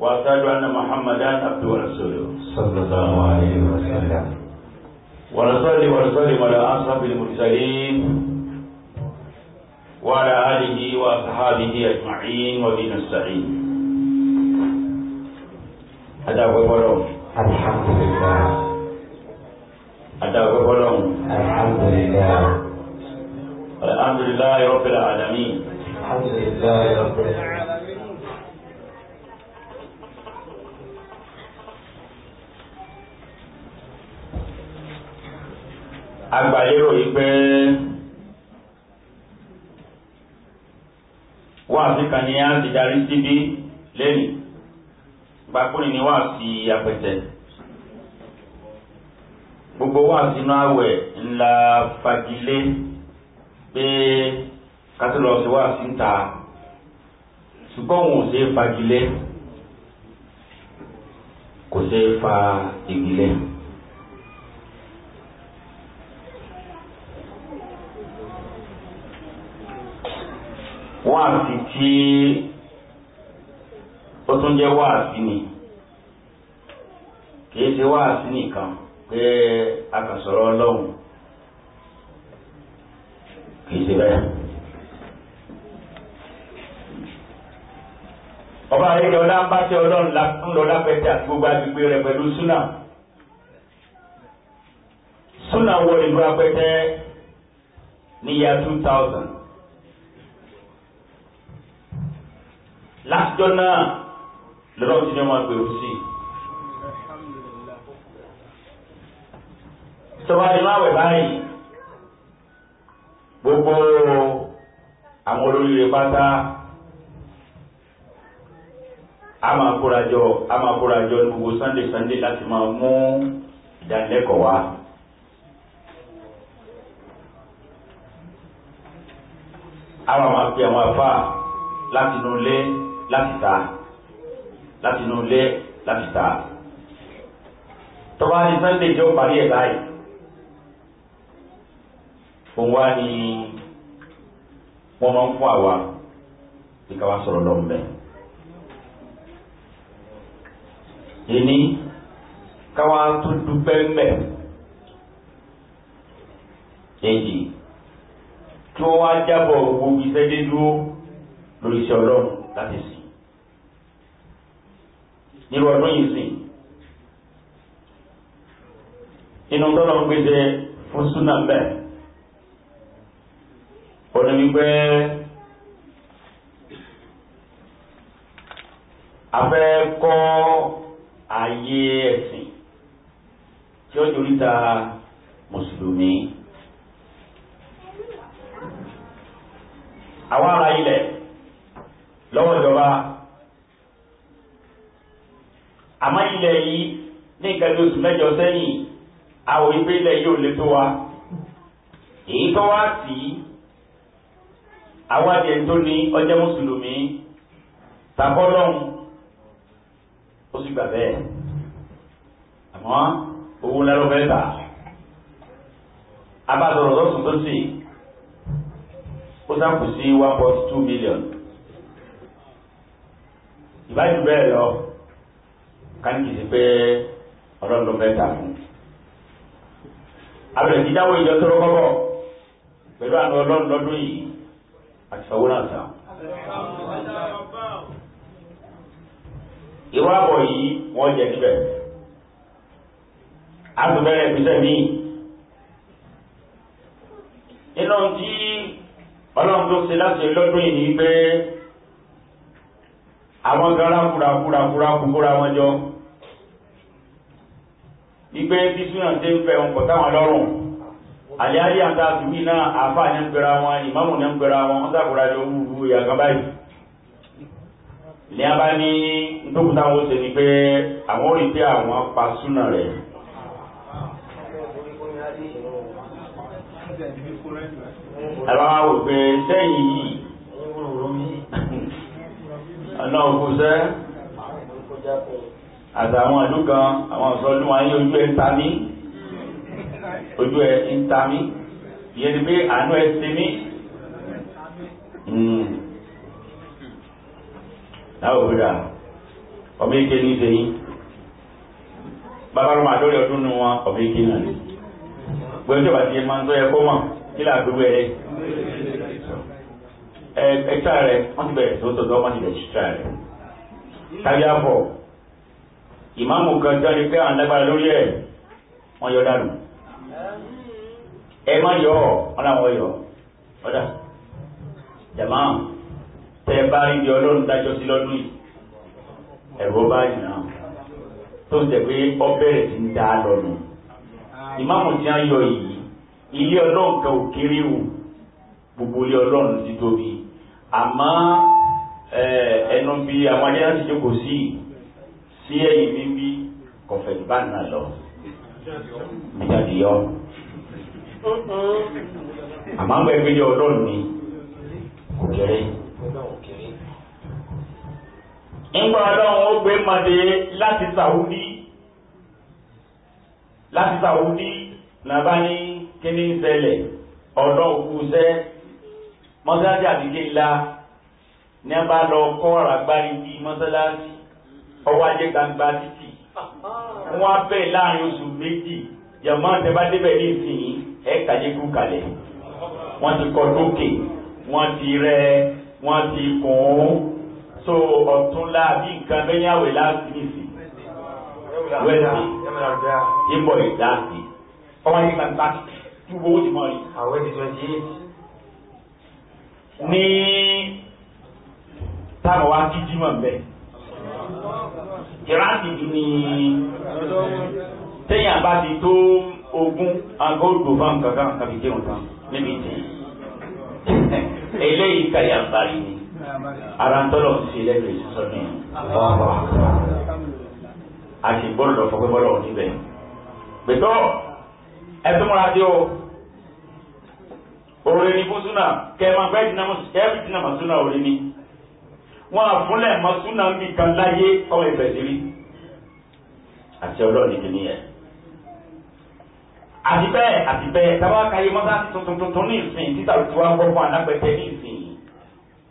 وأشهد أن محمدا عبده ورسوله صلى الله عليه وسلم ونصلي ونصلي على أصحاب المرسلين وعلى آله وأصحابه أجمعين وبنا السعيد هذا هو الحمد لله هذا هو الحمد لله الحمد لله رب العالمين الحمد لله رب العالمين agbàlérò yìí pé wáàsí kan ní á ti darí síbí lẹ́nu gbàkúrì ní wáàsí apẹ̀tẹ̀ gbogbo wáàsí inú àwẹ̀ ńlá fagilé pé kátólọ́ọ̀sì wáàsí ń ta ṣùgbọ́n òun ò ṣe é fagilé kò ṣe é fa ìgbìlẹ̀. wáàsí tí ó tún jẹ́ wáàsí ni kìí ṣe wáàsí nìkan pé a kàn sọ̀rọ̀ ọlọ́run kìí ṣe bẹ́ẹ̀. ọba ayẹyẹ ọlá ń bá tẹ ọlọ́run ńlọ lápẹtẹ àti gbogbo agbègbè rẹ pẹ̀lú súnà súnà wọ ìlú apẹtẹ ní yíya two thousand. látijọ́ náà lọ́rọ̀ tí ni wọ́n máa sí i. tọ́ba ni máa báyìí gbogbo àwọn olóríire pátá a máa kórajọ a máa kórajọ ní gbogbo sunday sunday láti máa mú ìdánilẹ́kọ̀ọ́ wá. àwọn máa pe àwọn afá láti inú ilé láti ta láti inú ilé láti ta tọ́ba ní sunday jẹ́ ó parí ẹ̀ báyìí òun wá ní wọ́n máa ń fún àwa bí ká wá sọ̀rọ̀ lọ́nbẹ̀. ìní káwá tó dúpẹ́ mbẹ̀ èyí tí wọ́n wá jábọ̀ gbogbo iṣẹ́ lórí iṣẹ́ ọlọ́run láti sìn nírú ọdún yìí sìn inú tọ́lọ̀ ń gbèsè fún súnà bẹ́ẹ̀ ó ní wípé afẹ́ kọ́ ayé ẹ̀sìn tí ó dorí ta mùsùlùmí. àwa ara ilẹ̀ lọ́wọ́ ìjọba àmọ́ ilẹ̀ yìí ní nǹkan bí oṣù mẹ́jọ sẹ́yìn àwọn ìgbé ilẹ̀ yìí ò lè tó wa èyí tó wá sí àwọn àjẹ́ tó ní ọjọ́ mùsùlùmí tàbọ́lọ́hún ó sì gbà bẹ́ẹ̀ àmọ́ owó ńlá ló fẹ́ tà abáàdọ̀rọ̀ lọ́sùn tó sì ó sàkùsí one point two million ìbájú bẹ́ẹ̀ lọ káńtì sí pé ọlọ́run ló fẹ́ ta fún un abẹ̀rẹ̀ dídáwó ìjọ tó rọ́kọ́bọ̀ pẹ̀lú àwọn ọlọ́run lọ́dún yìí àti fọwọ́ náà sàn. ìwà àbọ̀ yìí wọ́n jẹ níbẹ̀ a tún bẹ̀rẹ̀ ìpínlẹ̀ míì nínú tí ọlọ́run tó ṣe láti lọ́dún ni pé àwọn gan rákúrakúrakúrakú kóra wọn jọ wípé bí súnà ṣe ń fẹ́ wọn kọ̀ táwọn lọ́rùn àlẹ́ àlẹ́ àti àtúwì náà àáfà ní ń pera wọn ìmáàmù ní ń pera wọn wọ́n sàkóra jọ wúwú ìyàgán báyìí ní àtàwọn àdó kan àwọn ọ̀sán ló wáyé ojú ẹ ń ta mí ojú ẹ ń ta mí ìyẹn ni pé àánú ẹ ti mí. Hmm. láwọn òbí rà ọmọ ike ní sẹ́yìn bàbá ló máa lórí ọdún nu wọn ọmọ ike náà ni gbọ́dọ̀ tí o bá ti yẹ máa ń tọ́ yẹ kó mọ̀ kí là á gbogbo ẹ ẹ ẹ tíra rẹ wọ́n ti bẹ̀rẹ̀ tó tọ̀tọ̀ wọ́n ti bẹ̀rẹ̀ tíra rẹ tàbí àpọ̀ ìmáàmù kan jáde pé àwọn alágbára lórí ẹ̀ wọ́n yọ dànù ẹ má yọ ọ wọn làwọn yọ ọdà jàmá tẹ bá rí di ọlọ́run dájọ́ sí lọ́dún yìí ẹ̀rọ bá yìí náà tó ń jẹ́ pé ọ bẹ̀rẹ̀ sí ń dá a lọ́nu ìmáàmù tí wọ́n yọ yìí ilé ọlọ́run kan ò kéré o gbogbo ilé ọlọ́run ti tóbi àmọ́ ẹnu bíi àwọn ajá ti jókòó sí i sí ẹ̀yìn mi bí kọ̀fẹ̀tì bá nà lọ nígbàdí yọ. àmọ́ àwọn ẹgbẹ́ yọ ọlọ́run ni kò kéré. ńgbà ọlọ́run ó gbé màdé láti sàwùdí láti sàwùdí nàbá ní kíní ń ṣẹlẹ̀ ọ̀dọ́ òkú àbíké ńlá ní a bá lọ kọ́ àràgbárí bíi mọ́sáláṣí ọwọ́ ajé gbangba títì wọ́n á bẹ̀ láàrin oṣù méjì yàmọ́ àtẹ́bádébẹ̀ ní ìsìn ẹ̀ka yékú kalẹ̀ wọ́n ti kọ́ lókè wọ́n ti rẹ wọ́n ti kùn ún so ọ̀túnla bí nǹkan bẹ́yàwó láti nìsí wẹ́ẹ̀sì ìbọ̀ ìdáàsì ọwọ́ ajé gbangba títì túbọ̀ ó ti mọ̀ rí. àwọn ẹni twenty eight. ní táwọn wá kí jímọ̀ bẹ́ẹ̀ ìrántí ju ni téèyàn bá ti tó ogún agóòdò fáwọn kankan kàbí kírun tán níbi tí eléyìí kàyà bàrí ni ara ń tọ́lọ̀ ń ṣe lẹ́gbẹ̀ẹ́ sísọ ní ọ̀pọ̀ àti bọ́ọ̀lù lọ fọwọ́ bọ́ọ̀lù níbẹ̀ gbẹ̀tọ́ ẹtú múra dé o òrè ní fún súnà kẹ́ẹ̀ máa gbẹ́ ìdínàmọ̀ súnà òrè wọn àfúnlẹ̀ mọ́ súnámì kan láyé ọmọ ìbẹ̀dìrí àti ọlọ́ọ̀ni kìíní yẹn. àti bẹ́ẹ̀ àti bẹ́ẹ̀ tábà káyé mọ́tà tuntun tuntun ní ìsìn títà tí wọ́n gbọ́ fún alágbẹ̀tẹ̀ ní ìsìn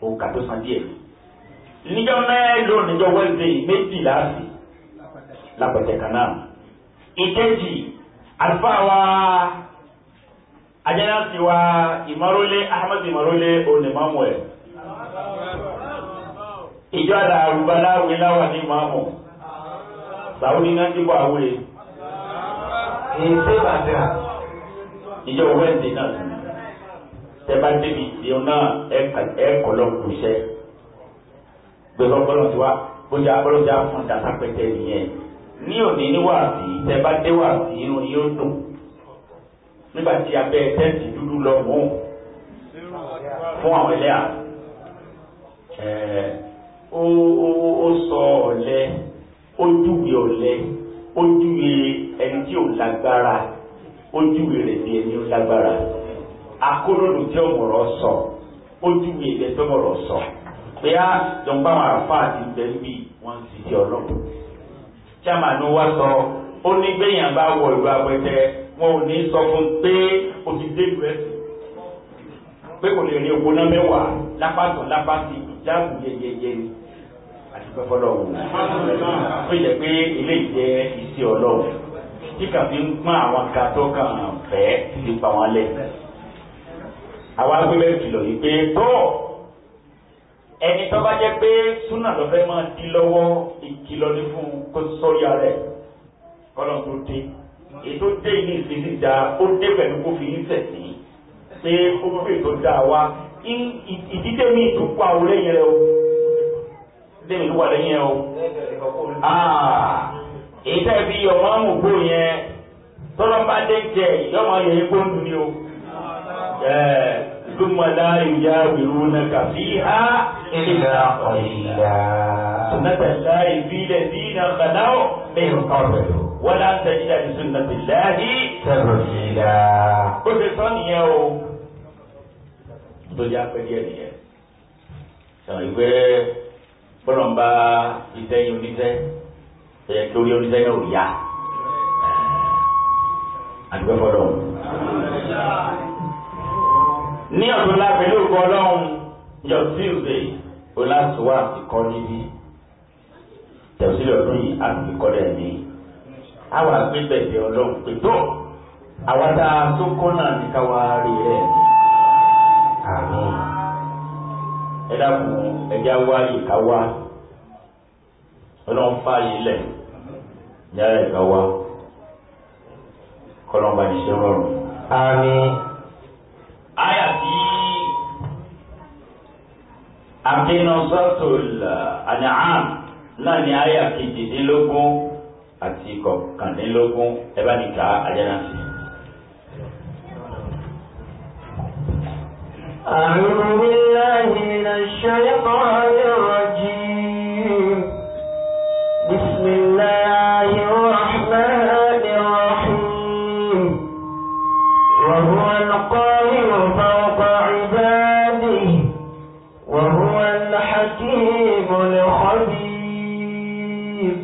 ó kà tó san díẹ̀. níjọ́ mẹ́ẹ̀ẹ́dọ́ níjọ́ wẹ́ẹ̀dẹ̀ méjì láàsì lápẹ̀tẹ̀ kan náà. àlùfáà wa ajẹ́nàsì wa ìmọ̀rólé Ahmed ìmọ̀rólé onímọ̀mù ẹ̀ ìjọ àdá àrùbá láwùé láwà ní màmù báwo ni náà dìbò àwùé. èsè bàtà. ìjọ wẹ́ǹdì náà sì tẹ́bá débi ìdíyàn náà ẹ̀kọ́ lọ kù iṣẹ́ gbẹ̀rọ bọ́lọ̀ tí wá bójá bọ́lọ̀ tí a fún dàtà pẹ́tẹ́ nìyẹn ní òní ní wàásì tẹ́bá dé wàásì inú yóò dùn nígbà tí abẹ́ tẹ́ǹtì dúdú lọ mú fún àwọn ẹlẹ́à ẹ̀ẹ́ ó sọ ọ̀lẹ ó júwe ọ̀lẹ ó júwe ẹni tí ò lágbára ó júwe rẹ̀ bí ẹni ó lágbára akólódò tí ọmọrọ sọ ó júwe ẹgbẹ́ tó mọ̀rọ̀ sọ pé á jọ̀ǹpá àwọn àfáà ti bẹ̀rù bí wọ́n ń ṣiṣẹ́ ọlọ́run chairman wa sọ ó ní gbẹ̀yìn bá wọ ìlú apẹtẹ wọn ò ní sọ fún pé o ti dé ìlú ẹsẹ̀ pé kò lè rí owó náà mẹ́wàá lápá tó lápá sí ìjáàbù yẹyẹyẹ ni lọ́fọ́lọ́wọ́ ó yẹ pé ilé ìjẹ́ ìsí ọlọ́wọ́ tí kà fi ń pọ́n àwọn kan tó kàn fẹ́ ti pa wọn lẹ̀ àwa gbẹ́bẹ́ kìlọ̀ yìí pé tó ẹni tó bá jẹ́ pé súnà lọ́fẹ́ máa di lọ́wọ́ ìkìlọ̀ ní fún kó sọ́rí ara ẹ̀ kọ́lọ́ tó dé ètò dé ní ìsinmi da ó dé pẹ̀lú kó fi ń sẹ̀sìn pé ó fèrè tó dáa wá ìdílé mi tó pa òun lẹ́yìn o lèmi tó wà lẹ́yìn ẹ o. Ah, èyí tẹ́ fi ọmọ àmùgbò yẹn tọ́lọ́ bá dé jẹ ìjọba yẹ epo ń dun ni o. Súnmọ́lá ìyá ìrù na kàfí ha ìlà ọ̀yìnlá. Sùnàtà láì bílẹ̀ bí na kàdáwọ̀ lẹ́yìn kọ́ọ̀bẹ̀rù. Wọ́n á ń tẹ̀lé àti sùnàtà láì tẹ̀lé ìlà. Ó ti sọ nìyẹn o tó yá nìyẹn. Sọ̀rọ̀ ìgbẹ́ bọ́lọ̀ ń bá iṣẹ́ yín oníṣẹ́ ẹ̀yẹ kí orí oníṣẹ́ náà ò yá àdúgbò fọlọ́. ní ọ̀dún lábẹ́ lórúkọ ọlọ́run yọ tuesday olásùwà ti kọ́ níbí tẹ̀sílẹ̀ ọdún yìí àti kọ́lẹ̀ ní àwọn àgbébẹ̀dẹ̀ ọlọ́run pé tó àwọn tá a tó kọ́ náà ní káwá rí rẹ̀ àmín ẹ dákun ẹjá wáyé ká wá ọlọ́run fààyè lẹ̀ yàrá ìka wá kọ́lọ́n bá ṣiṣẹ́ rọrùn. àmì àyà tí àbínú sọ́tòlá náà ni àyà kejìdínlógún àti kọkàndínlógún ẹ bá nìka ajá náà sí أعوذ بالله من الشيطان الرجيم بسم الله الرحمن الرحيم وهو القاهر فوق عباده وهو الحكيم الخبير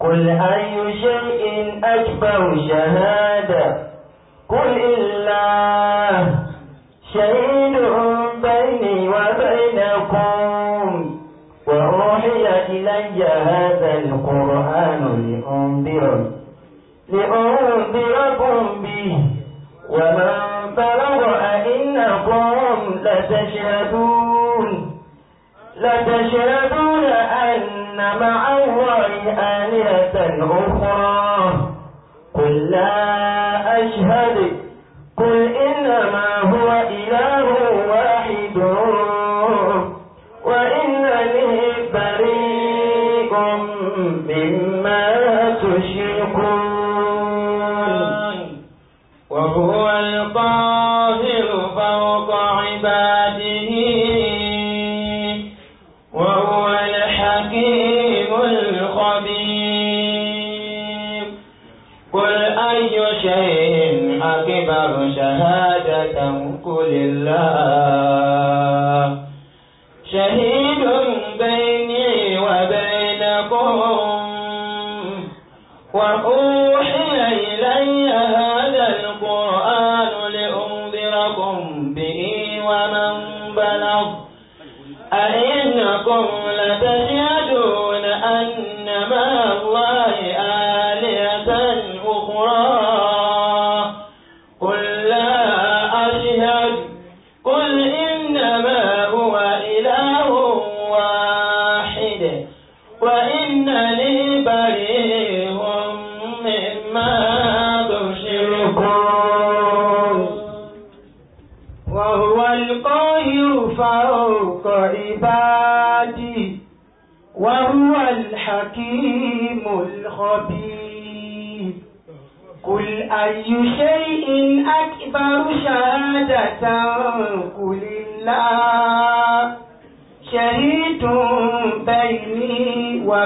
قل أي شيء أكبر شهادة هذا القرآن لأنذركم لأنذركم به ومن بلغ أئنكم لتشهدون لتشهدون أن مع الله آلهة أخرى قل لا أشهد قل إنما هو إله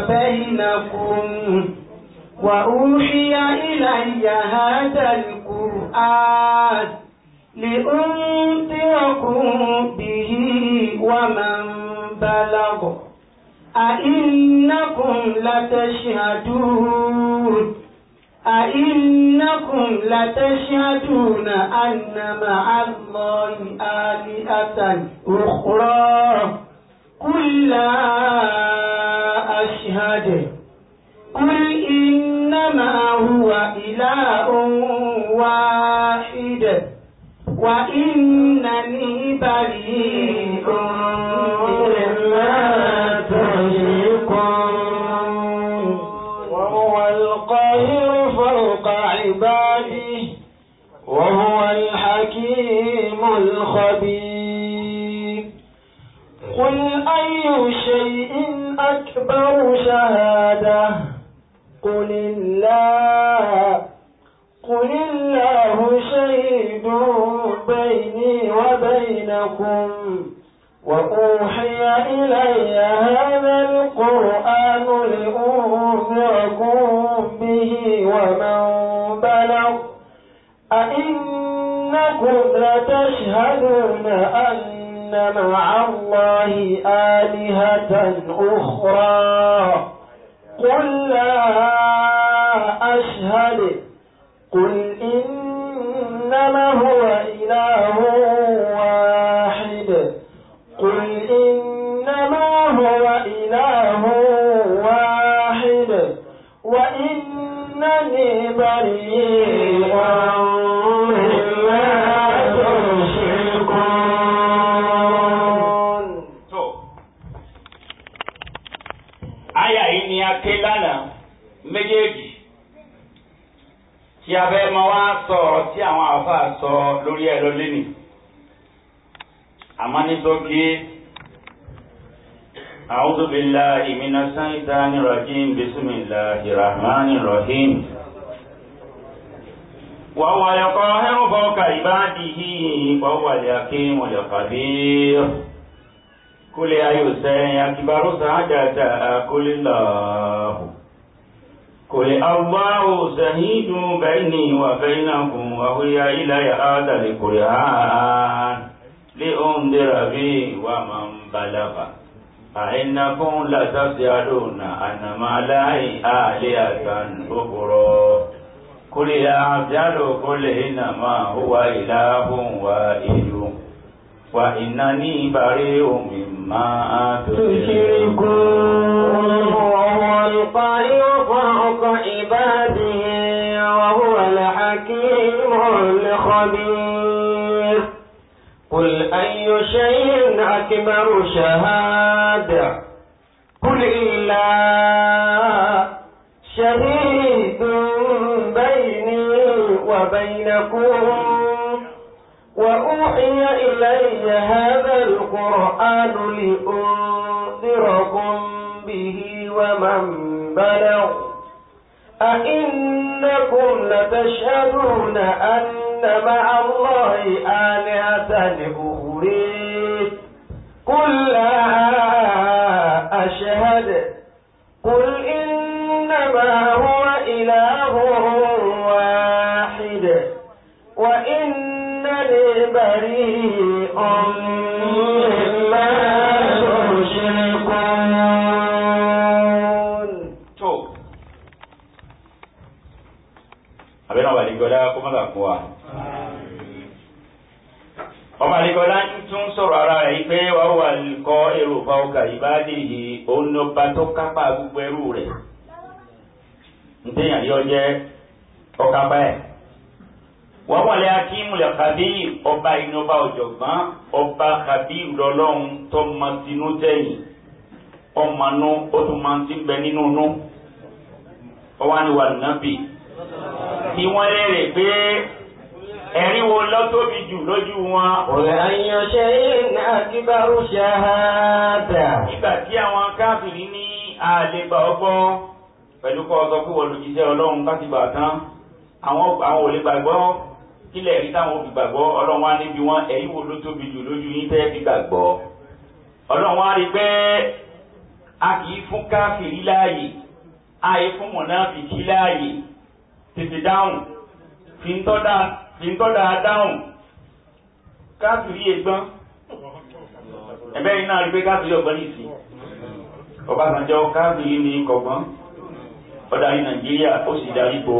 بينكم وأوحي إلي هذا القرآن لأنذركم به ومن بلغ أئنكم لتشهدون أئنكم لتشهدون أن مع الله آلهة أخرى قل لا أشهد قل إنما هو إله واحد وإنني بريء مما تشركون وهو القاهر فوق عباده وهو الحكيم قل أي شيء أكبر شهادة قل الله قل الله شهيد بيني وبينكم وأوحي إلي هذا القرآن لأنذركم به ومن بلغ أئنكم لتشهدون أن مع الله آلهة أخرى قل لا أشهد قل إنما هو إله واحد قل إنما هو إله واحد وإنني بريء a ké lánàá méjèèjì tí a fẹ́ máa wá sọ ọ̀rọ̀ tí àwọn àáfàá sọ lórí ẹ̀ lọ́lé nì àmọ́ ní sọ́kí أعوذ بالله من الشيطان الرجيم بسم الله الرحمن الرحيم وهو يقاهر فوق عباده وهو الحكيم القدير kule ayusai akibaru saadata kule lahu kule allahu shahidu baini wa bainakum wa huya ilaya hadha alquran liundira bi wa man balagha أئنكم لتسألون أن ما لا آلهة أخرى قل أعجل قل إنما هو إله واحد وإنني بريء مما تشركون وهو القارئ فوق عباده وهو الحكيم الخبير قل أي شيء أكبر شهادة قل إلا شهيد بيني وبينكم وأوحي إلي هذا القرآن لأنذركم به ومن بلغ أئنكم لتشهدون أن مع الله آلهة أخرى قل لا أشهد ọmọ àlekọ́lá ń tún sọ̀rọ̀ ara rẹ̀ yìí pé wà ó wà kọ́ èrò fáwọ́kà ìbáàdì yìí òun ọba tó kápá gbogbo ẹrú rẹ̀ ntẹ̀yìn àríyọ jẹ́ ọkápá ẹ̀. wọ́n wọlé akímùlẹ̀ kábíyì ọba inú ọba ọ̀jọ̀gbọ́n ọba kábíyì lọ́lọ́run tó mọ tinú tẹ̀yìn ọmọ ó tún máa ti bẹ nínú nú ọwọ́ àni wà nàbì. tí wọ́n lérè pé ẹ̀rí wo ló tóbi jù lójú wọn. ọ̀rẹ́ àyànṣe iná akíbarú ṣahada. nígbà tí àwọn káfìrí ní àlebà ọgbọ́ pẹ̀lú kọ́ ọ̀sọ́ pé wọ́n lòjíṣẹ́ ọlọ́run kátìgbà tán àwọn àwọn ò lè gbàgbọ́ kílẹ̀ rí táwọn òbí gbàgbọ́ ọlọ́run wá níbi wọn ẹ̀rí wo ló jù lójú yín fẹ́ fi gbàgbọ́ ọlọ́run wá rí pé a kì í fún káfìrí láàyè a yìí fún mọ̀nà fìkí láàyè tètè dáhùn fi ń tọ́ dáa ìtọ́dà dáhùn káàkiri ẹgbọ́n ẹ̀bẹ́ iná rí pé káàkiri ọgbọ́n ní ìsìn Ọbásanjọ́ káàkiri ní kọ̀gbọ́n ọdarí Nàìjíríà ó sì darí bo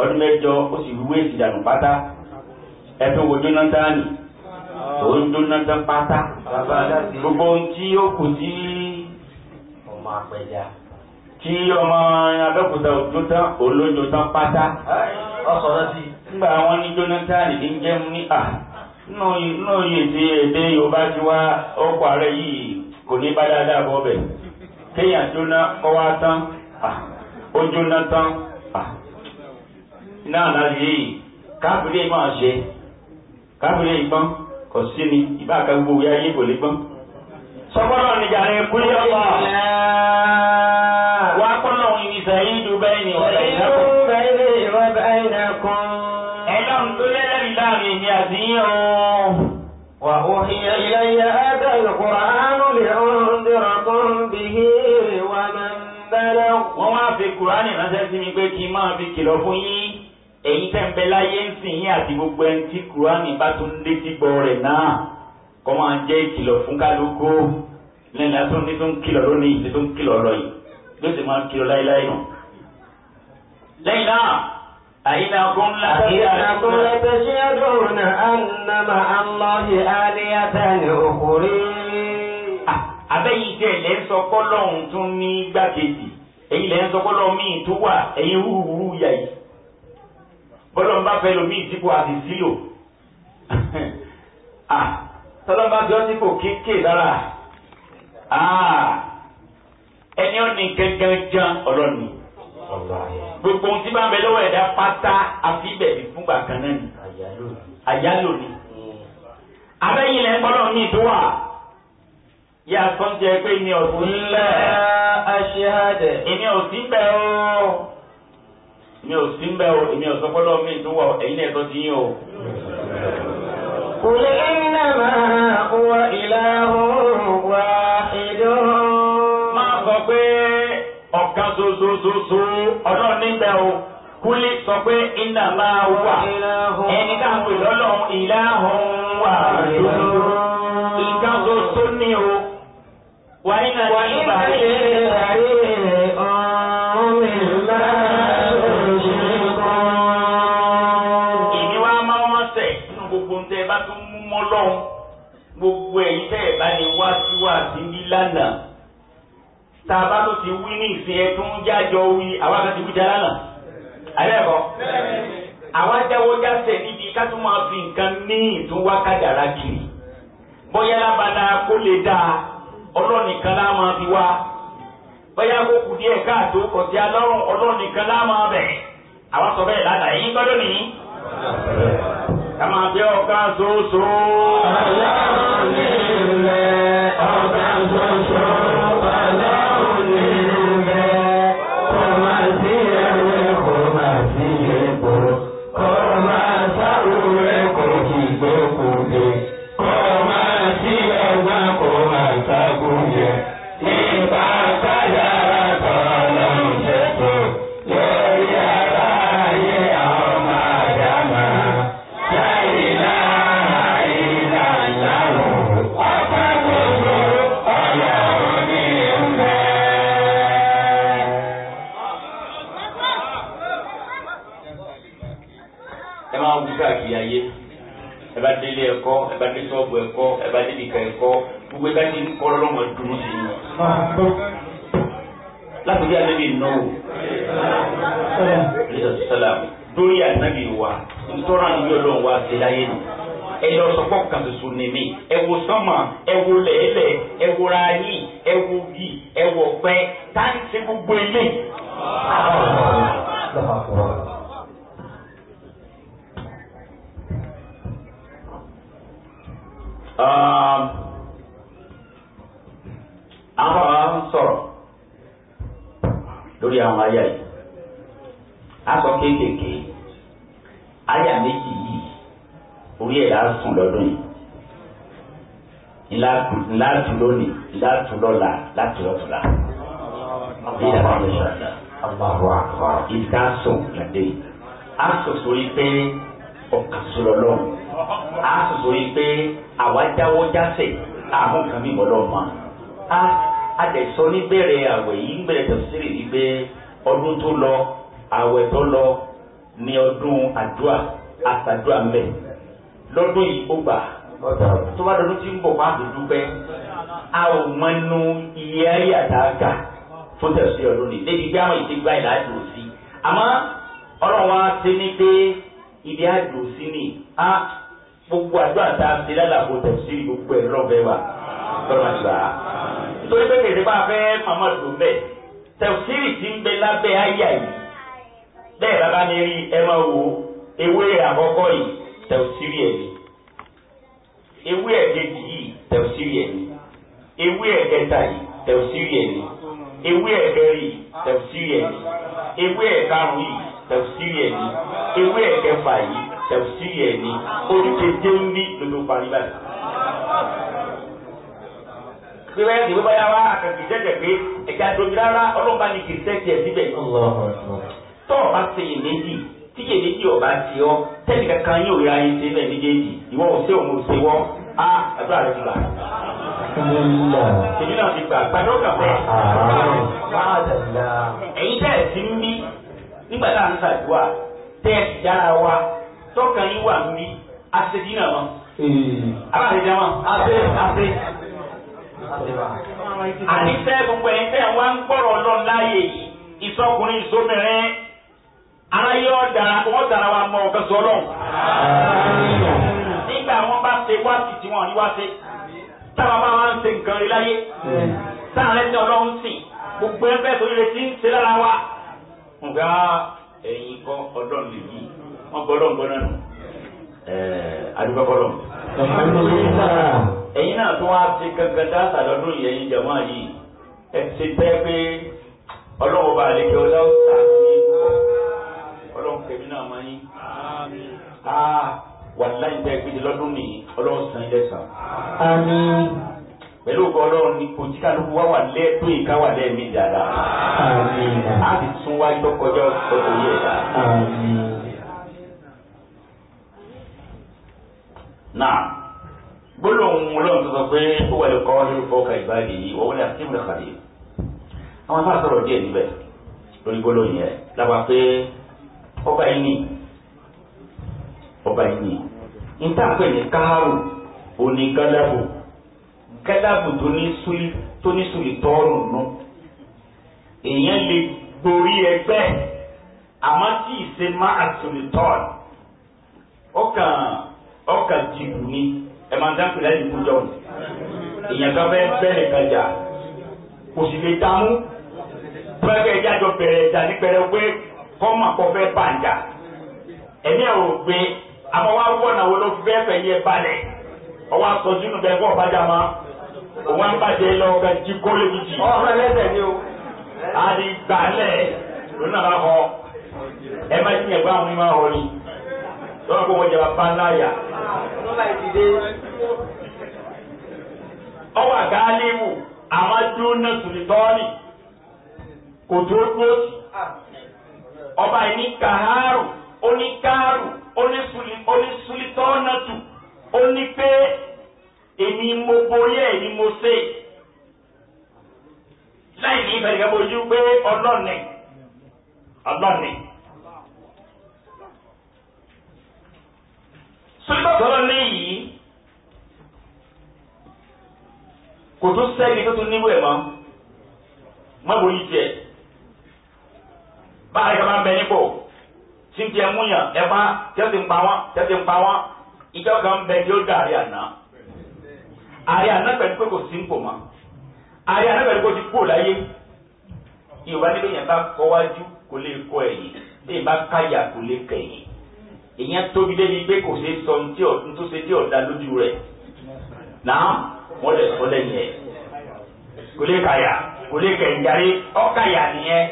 ọdún mẹ́jọ ó sì wíwé ìsìdànù pátá ẹ̀fún wo Jónátánì òun Jónátán pátá gbogbo ohun tí ó kù sí ọmọ àpẹja tí ọmọ Abẹ́òkúta òjò tán olójó tán pátá. ọsọ̀rọ̀ sí i. ńgbà wọn ni Jonathan ní jẹun ní à nínú etu èdè Yorùbá ti wá ọkọ̀ ààrẹ yìí kò ní bá dáadáa bọ́ bẹ kéèyàn jóná kọ́ wá tán ó jóná tán náà láti yìí káfíńdé ṣe káfíńdé ìgbọ́n kò sí ni ìbá kan gbogbo ayé kò lè gbọ́n. nìjà ni kúlẹ̀ فاعتبروه وأوحي إلي هذا القرآن لأنذركم به ومن بلغ wọ́n wá fi kùránì ránṣẹ́ sí mi pé kí n máa fi kìlọ̀ fún yín èyí tẹ́ ń bẹ láyé ń sìn yín àti gbogbo ẹni tí kùránì bá tún létí gbọ́ rẹ̀ náà kọ́ máa jẹ́ ìkìlọ̀ fún kálukú lẹ́yìn láti ní tó ń kìlọ̀ lónìí ní tó ń kìlọ̀ lọ yìí ló sì máa ń kìlọ̀ láéláé nù. lẹ́yìn náà أإذا na تشهدون أن مع الله آلهة أخرى àbẹ́yìí ah, tẹ̀ lẹ́ ń sọ kọ́lọ́hún tún ní gbàkejì èyí lẹ́ ń sọ kọ́lọ́hún míì tó wà èyí húhùhù yà yìí bọ́lọ́hún bá fẹ́ lomi ìdìbò àti sílò ah, bá jọ kéèké ah, ẹni ọ̀nì ọlọ́ni. gbogbo ohun tí bá ń bẹ lọ́wọ́ ẹ̀dá pátá àfi bẹ̀bí fúngbà kan náà ni àyálò ni abẹ́yìn lẹ́ ń gbọ́dọ̀ mí tó wà yà sọ́njẹ pé mi ò sí ńlẹ̀ aṣíhádẹ̀ èmi ò sí ńbẹ̀ o mi ò sí ńbẹ̀ o èmi ò sọ gbọ́dọ̀ mí tó wà ẹ̀yin ẹ̀sọ́ ti yín o. kò lè ní nàmà wà ìlà òun. ọ̀kan ṣoṣoṣoṣo ọlọ́run níbẹ̀ o kúlí sọ pé iná máa wà ẹni tá a pè lọ́lọ́run ìlàhùn wà lóṣù ìkan ṣoṣo ní o wà iná ní ìbàdí. gbogbo ẹ̀yin tẹ́ ẹ̀ bá ní wá síwáàsí ní tá a bá tó ti wí ní ìsìn tó ń jájọ wí àwa kan ti wí dára náà àbẹ́ẹ̀kọ́ àwa jáwọ́ jáṣẹ̀ níbi ká tó máa fi nǹkan ní kiri bóyá lábala kó lè dáa ọlọ́nìkan lá máa fi wá bóyá kó kù díẹ̀ káàtó kọ̀tí alọ́rùn ọlọ́nìkan lá máa bẹ̀ àwa sọ bẹ́ẹ̀ ládàá yín gbọ́dọ̀ nìyí bí Àyà mi ẹ̀kọ́ ẹ bá dé sọ́ọ̀bù ẹ̀kọ́ ẹ bá dé nìkan gbogbo ẹ ti ń kọ́ lọ́wọ́ máa sí i. lápẹjẹ anabi náwó alayhisalaam anabi wa ntọ́ra ni yóò lọ́n wa sí láyé nù ẹ lọ sọpọ kan soso ní mi ẹ wo sọmọ ẹ lẹẹlẹ ẹ wo raayé ẹ wo gi ẹ wọ pẹ táǹtì gbogbo ilé. Um, àwọn bàbá ń sọ̀rọ̀ lórí àwọn àyà yìí a sọ kéékèèké àyà méjì yìí orí ẹ̀ lásùn lọ́dún yìí ńlá tù lónìí ńlá tù lọ́la láti ọ̀túnla bí ìyàrá yẹn ṣàdá ìdásùn kàdé a sọ sórí pé ọkàn sọlọ lọ́hùn a sùn sórí pé àwa jáwọ́ jáse àmú nǹkan mi bọ́ lọ́mọ a àtẹ̀sọ́ níbẹ̀rẹ̀ àwẹ̀ yìí níbẹ̀rẹ̀ tẹ̀síìrì yìí pé ọdún tó lọ àwẹ̀ tó lọ ní ọdún àdúrà àtàdúrà mẹ́ lọ́dún yìí ó gbà tó bá dọdún tí ń bọ̀ wá dúdú a ò mọnu iye ayé àtàkà fún tẹ̀síìrì ọdún ni débi pé àwọn ìdígbà ìlàjò sí àmọ́ ọlọ́run wa ti ní pé ibi àjò sí ni a gbogbo àdúrà tá a ṣe lálàbò tẹ̀sí gbogbo ẹ̀rọ bẹ́ẹ̀ wà lọ́dọ̀ máa gbà á. nítorí pé kèsì bá fẹ́ màmá dùn bẹ́ẹ̀ tẹ̀sí ti ń bẹ lábẹ́ àyà yìí bẹ́ẹ̀ bàbá mi rí ẹ máa wo ewé àkọ́kọ́ yìí tẹ̀sí rí ẹ̀mí ewé ẹ̀kejì yìí tẹ̀sí rí ẹ̀mí ewé ẹ̀kẹta yìí tẹ̀sí rí ẹ̀mí ewé ẹ̀kẹrin yìí tẹ̀sí rí ẹ̀mí ewé ẹ̀karùn-ún yìí tẹ̀sí rí ẹ̀mí ewé ẹ̀kẹfà yìí tẹ̀síyẹ̀ ni ojúkejì ń bí lójú parí báyìí. Gbẹ̀rẹ̀ ẹ̀sìn wípé báyà wá àkàkì sẹ́jẹ̀ pé ẹ̀ka dojú rárá ọlọ́ba ni kì í sẹ́jẹ̀ síbẹ̀. Tọ́ ọ̀bá ṣe ìmẹ́jì tí yèmí tí ọ̀bá ti ọ́ tẹ́lẹ̀ kankan yóò rí ayé ṣe bẹ́ẹ̀ méjèèjì ìwọ òṣè òun òṣè wọ́ á ẹ̀dọ́ àrẹ ti gbà. Èmi náà ti gbà gbàdọ́ kàfẹ́. Ẹ̀yin tẹ́ ẹ̀ ń bí nígbà náà ń ṣàdúrà tẹ́ ẹ̀ ti wa tọkàn yín wà ní asedina wọn. ala de jama ase ase. àti sẹ́ gbogbo ẹ̀ fẹ́ wá ń gbọ́rọ̀ lọ láàyè ìsọkùnrin ìsọmìnrin aráyé ọ̀dà wọ́n dara wa mọ̀ ọ̀kan sọ́lọ́. nígbà wọn bá ṣe wá sí tiwọn ní wá ṣe táwa bá wá ń ṣe nǹkan rí láyé táà lẹ́sìn ọlọ́run sìn gbogbo ẹgbẹ́ tó yẹ ti ń ṣe lára wa. nga ẹ̀yin kọ́ ọdọ́ nìyí wọn gbọ́dọ̀ ń gbọ́dọ̀ nù adúgbòkọlọ. ẹ̀yin náà tún wá ti gangan dáàtà lọ́dún yẹn jẹ̀mọ́ yìí ẹ ti tẹ́ pé ọlọ́wọ́ bá lè kí ọlọ́wọ́ ta ní ọlọ́wọ́ kẹ́mi náà máa yín. Ah, wàláyé tẹ́ gbé lọ́dún nìyí ọlọ́wọ́ sàn ilẹ̀ sàn. àmín pẹ̀lú ọgọ́ ọlọ́run ní kò jíkà ló wá wà lẹ́ẹ̀tọ́ ìka wà lẹ́ẹ̀mí dáadáa. a ti tún wá gbọ́ kọjá òye ẹ̀dá. náà gbólóhùn olóhùn tó sọ pé ó wà lè kọ́ lórúkọ ọkà ìbáàdì yìí wọ́n wọlé àti ìmúlẹ̀ kàdé àwọn afá sọ̀rọ̀ díẹ̀ níbẹ̀ lórí gbólóhùn yẹn lábàá pé ọba yìí nì ọba yìí nì ìtàpẹ̀ ní káàrù òní gádàbù gádàbù tó ní sùlì tó ní sùlì tọ́ọ̀nù nù èèyàn lè gborí ẹgbẹ́ àmọ́ tí ì ṣe má àsùlì tọ́ọ̀nù ó ọkàn ti wù ní ẹ máa ń dá pèlè ìlú jọ̀hún èèyàn kan fẹ́ bẹ́ẹ̀ kan kò sì lè dààmú ní pé kọ́mà kọ́ fẹ́ bà ń ló fẹ́ fẹ́ yẹ balẹ̀ ọwọ́ àtọ́jú nù bẹ́ẹ̀ òun á bàjẹ́ lọ ọ̀gá jí kó lè jì. ọ̀rọ̀ ẹlẹ́sẹ̀ ni o. lónà bá họ ẹ má ti yẹn gbọ́ àwọn ìmọ̀ ọ̀rọ̀ yìí. lọ́nà kó wọ́n jẹ bàbá ńlá yà. ọwọ́ àgáálẹ́wò àmàdó náà sùn ní tọ́ọ̀nì kò tó gbòòsì ọba ìní kàhárù oníkàárù onísulitọ́ọ̀nàtù ó ní pé èmi mo borí ẹ̀ ni mo ṣe láì ní ìfẹ̀yẹ̀bọ̀ yí pé ọlọ́ọ̀nì ọlọ́ọ̀nì. torí bá tọ́lọ́ léyìí kò tó sẹ́yìn tó tún níwò ẹ̀ mọ́ má bò yìí jẹ báyìí ká máa ń bẹ nípò tí ń tiẹ̀ múyàn ẹ bá tẹ́sí ń pa wọ́n tẹ́sí ń pa wọ́n ìjọ kan bẹ yóò dá àrí àná àrí àná pẹ̀lú pé kò sí ń pò mọ́ àrí àná pẹ̀lú pé kò ti kúrò láyé ìwà nílé yẹn bá kọ́ wájú kò lè kọ́ ẹ̀yìn bí ìbá káyà kò lè kẹ̀yìn. ìyẹn tóbi débi pé kò ṣe sọ ntí ọ ṣe tí ọ lójú rẹ náà wọn lè sọ lẹ́yìn ẹ kò lè kàyà kò lè kẹ̀ǹdarí ọkàyà nìyẹn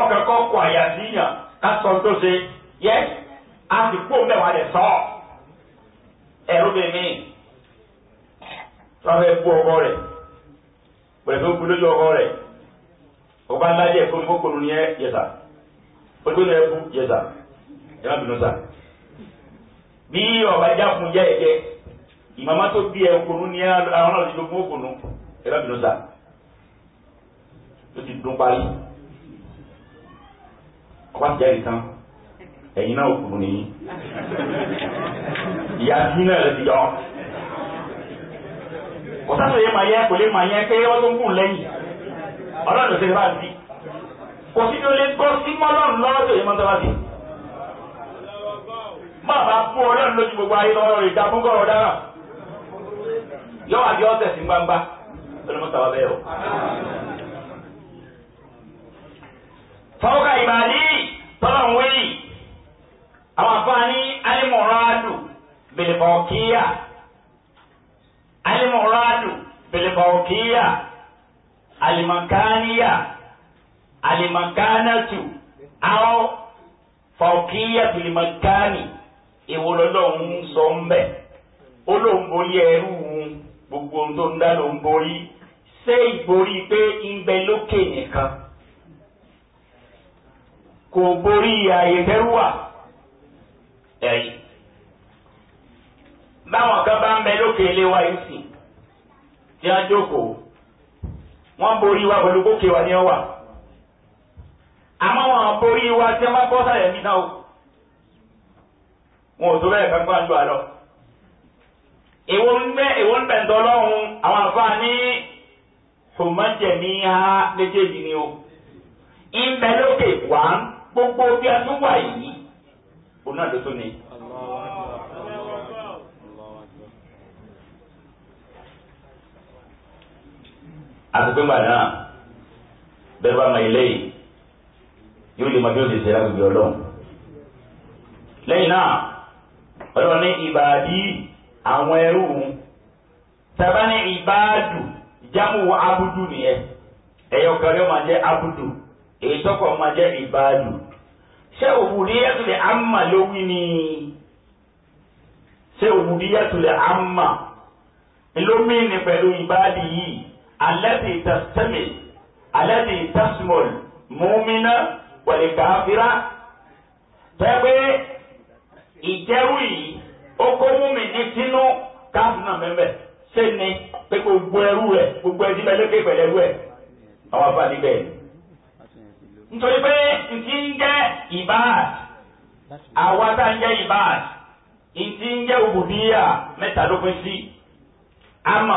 ọkẹkọ kọ àyà síyàn ká sọ yẹ a sì kó lè sọ ẹrú bẹ mí bú ọkọ pẹ̀lú ọkọ ọba ńlá fún ẹ má bínú sá bí ọba jáfun jẹ ẹjẹ ìmàmá tó bí ẹ kunu ní àwọn náà ti dogun okunu ẹ má bínú sá tó ti dún parí ọba ti jáde tán ẹ̀yin náà kunu nìyí ìyá tí náà lè ti yọ kọsátọ yẹ máa yẹ kò lè máa yẹ pé wọn tó ń gùn lẹ́yìn Ọlọ́run ló ti bá ti kò sí ní o lè gbọ́ sí mọlọrun lọ́wọ́ tó yẹ mọtò bá ti má bàa fún ọlọ́run lójú gbogbo ayé lọ́wọ́ rẹ̀ dá fún gọ́rọ̀ dára yọ àjọ ọ̀sẹ̀ sí gbangba lọ́nà mọ́ta wa bẹ́ẹ̀ o. fọwọ́kà ìbàdí tọ́lọ̀ ń wéyì àwọn àfáàní alimọ̀ràdù bèlèbọ̀kíyà alimọ̀ràdù bèlèbọ̀kíyà alimakaniya alimakanatu àwọn fọ̀kíyà bèlèmakani. èwo lọ́lọ́run ń sọ mbẹ bẹ̀ ó ló ń borí gbogbo ohun tó ń dá ló ń borí ṣé ìborí pé ń bẹ lókè nìkan kò borí ààyè fẹ́rù kan bá ń bẹ lókè wa yìí sìn tí a jókòó Wọn borí wa pẹ̀lú gòkè wa ni wọ́n borí wa tí bá wọn ò tó bẹ́ẹ̀ fẹ́ gbọ́n ju àlọ́. èwo ń bẹ́ èwo ń bẹ̀ntọ́ lọ́hùn àwọn àfáà ní ṣùmọ́jẹ̀ ní ha méjèèjì ni o. ìbẹ̀ lókè wá gbogbo bí a tún wà yìí òun náà ló tún ni. àtúntò gbà náà bẹ́ẹ̀ bá ma ilé yìí yóò lè ma bí ó ti ṣe lágbègbè ọlọ́run lẹ́yìn náà ọlọ́run ní ìbàdí àwọn ẹrú òun tàbá ní ìbáàdù jámù abudu nìyẹn ẹ̀yọ kẹrẹ máa jẹ́ abudu èyí tọkọ máa jẹ́ ìbáàdù ṣé òwúriyàtúlẹ̀ àmà ló wí ni ṣé òwúriyàtúlẹ̀ àmà ló mí ni pẹ̀lú ìbáàdì yìí alẹ́tì tẹ̀sítẹ́mì alẹ́tì tẹ̀símọ̀lì múmínà wọ̀lẹ̀káfíra tẹ́gbẹ́. ìjẹ́rú yìí ó kó múmi ní sínú káàbù mẹ́mẹ́ sẹ́ni pé gbogbo ẹrú rẹ̀ gbogbo ẹtí bẹ́ẹ̀ lókè pẹ̀lú ẹrú àwọn afa níbẹ̀ nítorí pé ntí ń jẹ́ ìbáàd àwa tá ń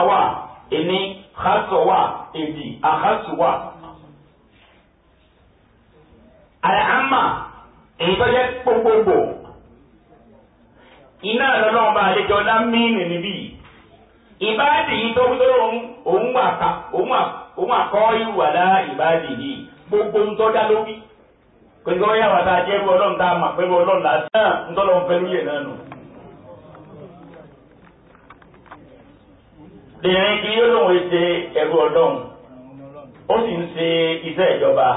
wa hasọ wa èyí tó iná lọ́lọ́run bá àlejò ọlá míìnì níbí ìbáàdì yìí tó wúlò òun àkà òun àkọ́ ìwà lá ìbáàdì yìí gbogbo ń tọ́já ló wí pé kí wọ́n yà wá tá a jẹ́ irú ọlọ́run tá a mà pẹ̀lú ọlọ́run láti náà ń tọ́lọ́ ń pẹ̀lú yẹn náà nù. lèyìn kí yóò lóun ṣe ẹrú ọlọ́run ó sì ń ṣe iṣẹ́ ìjọba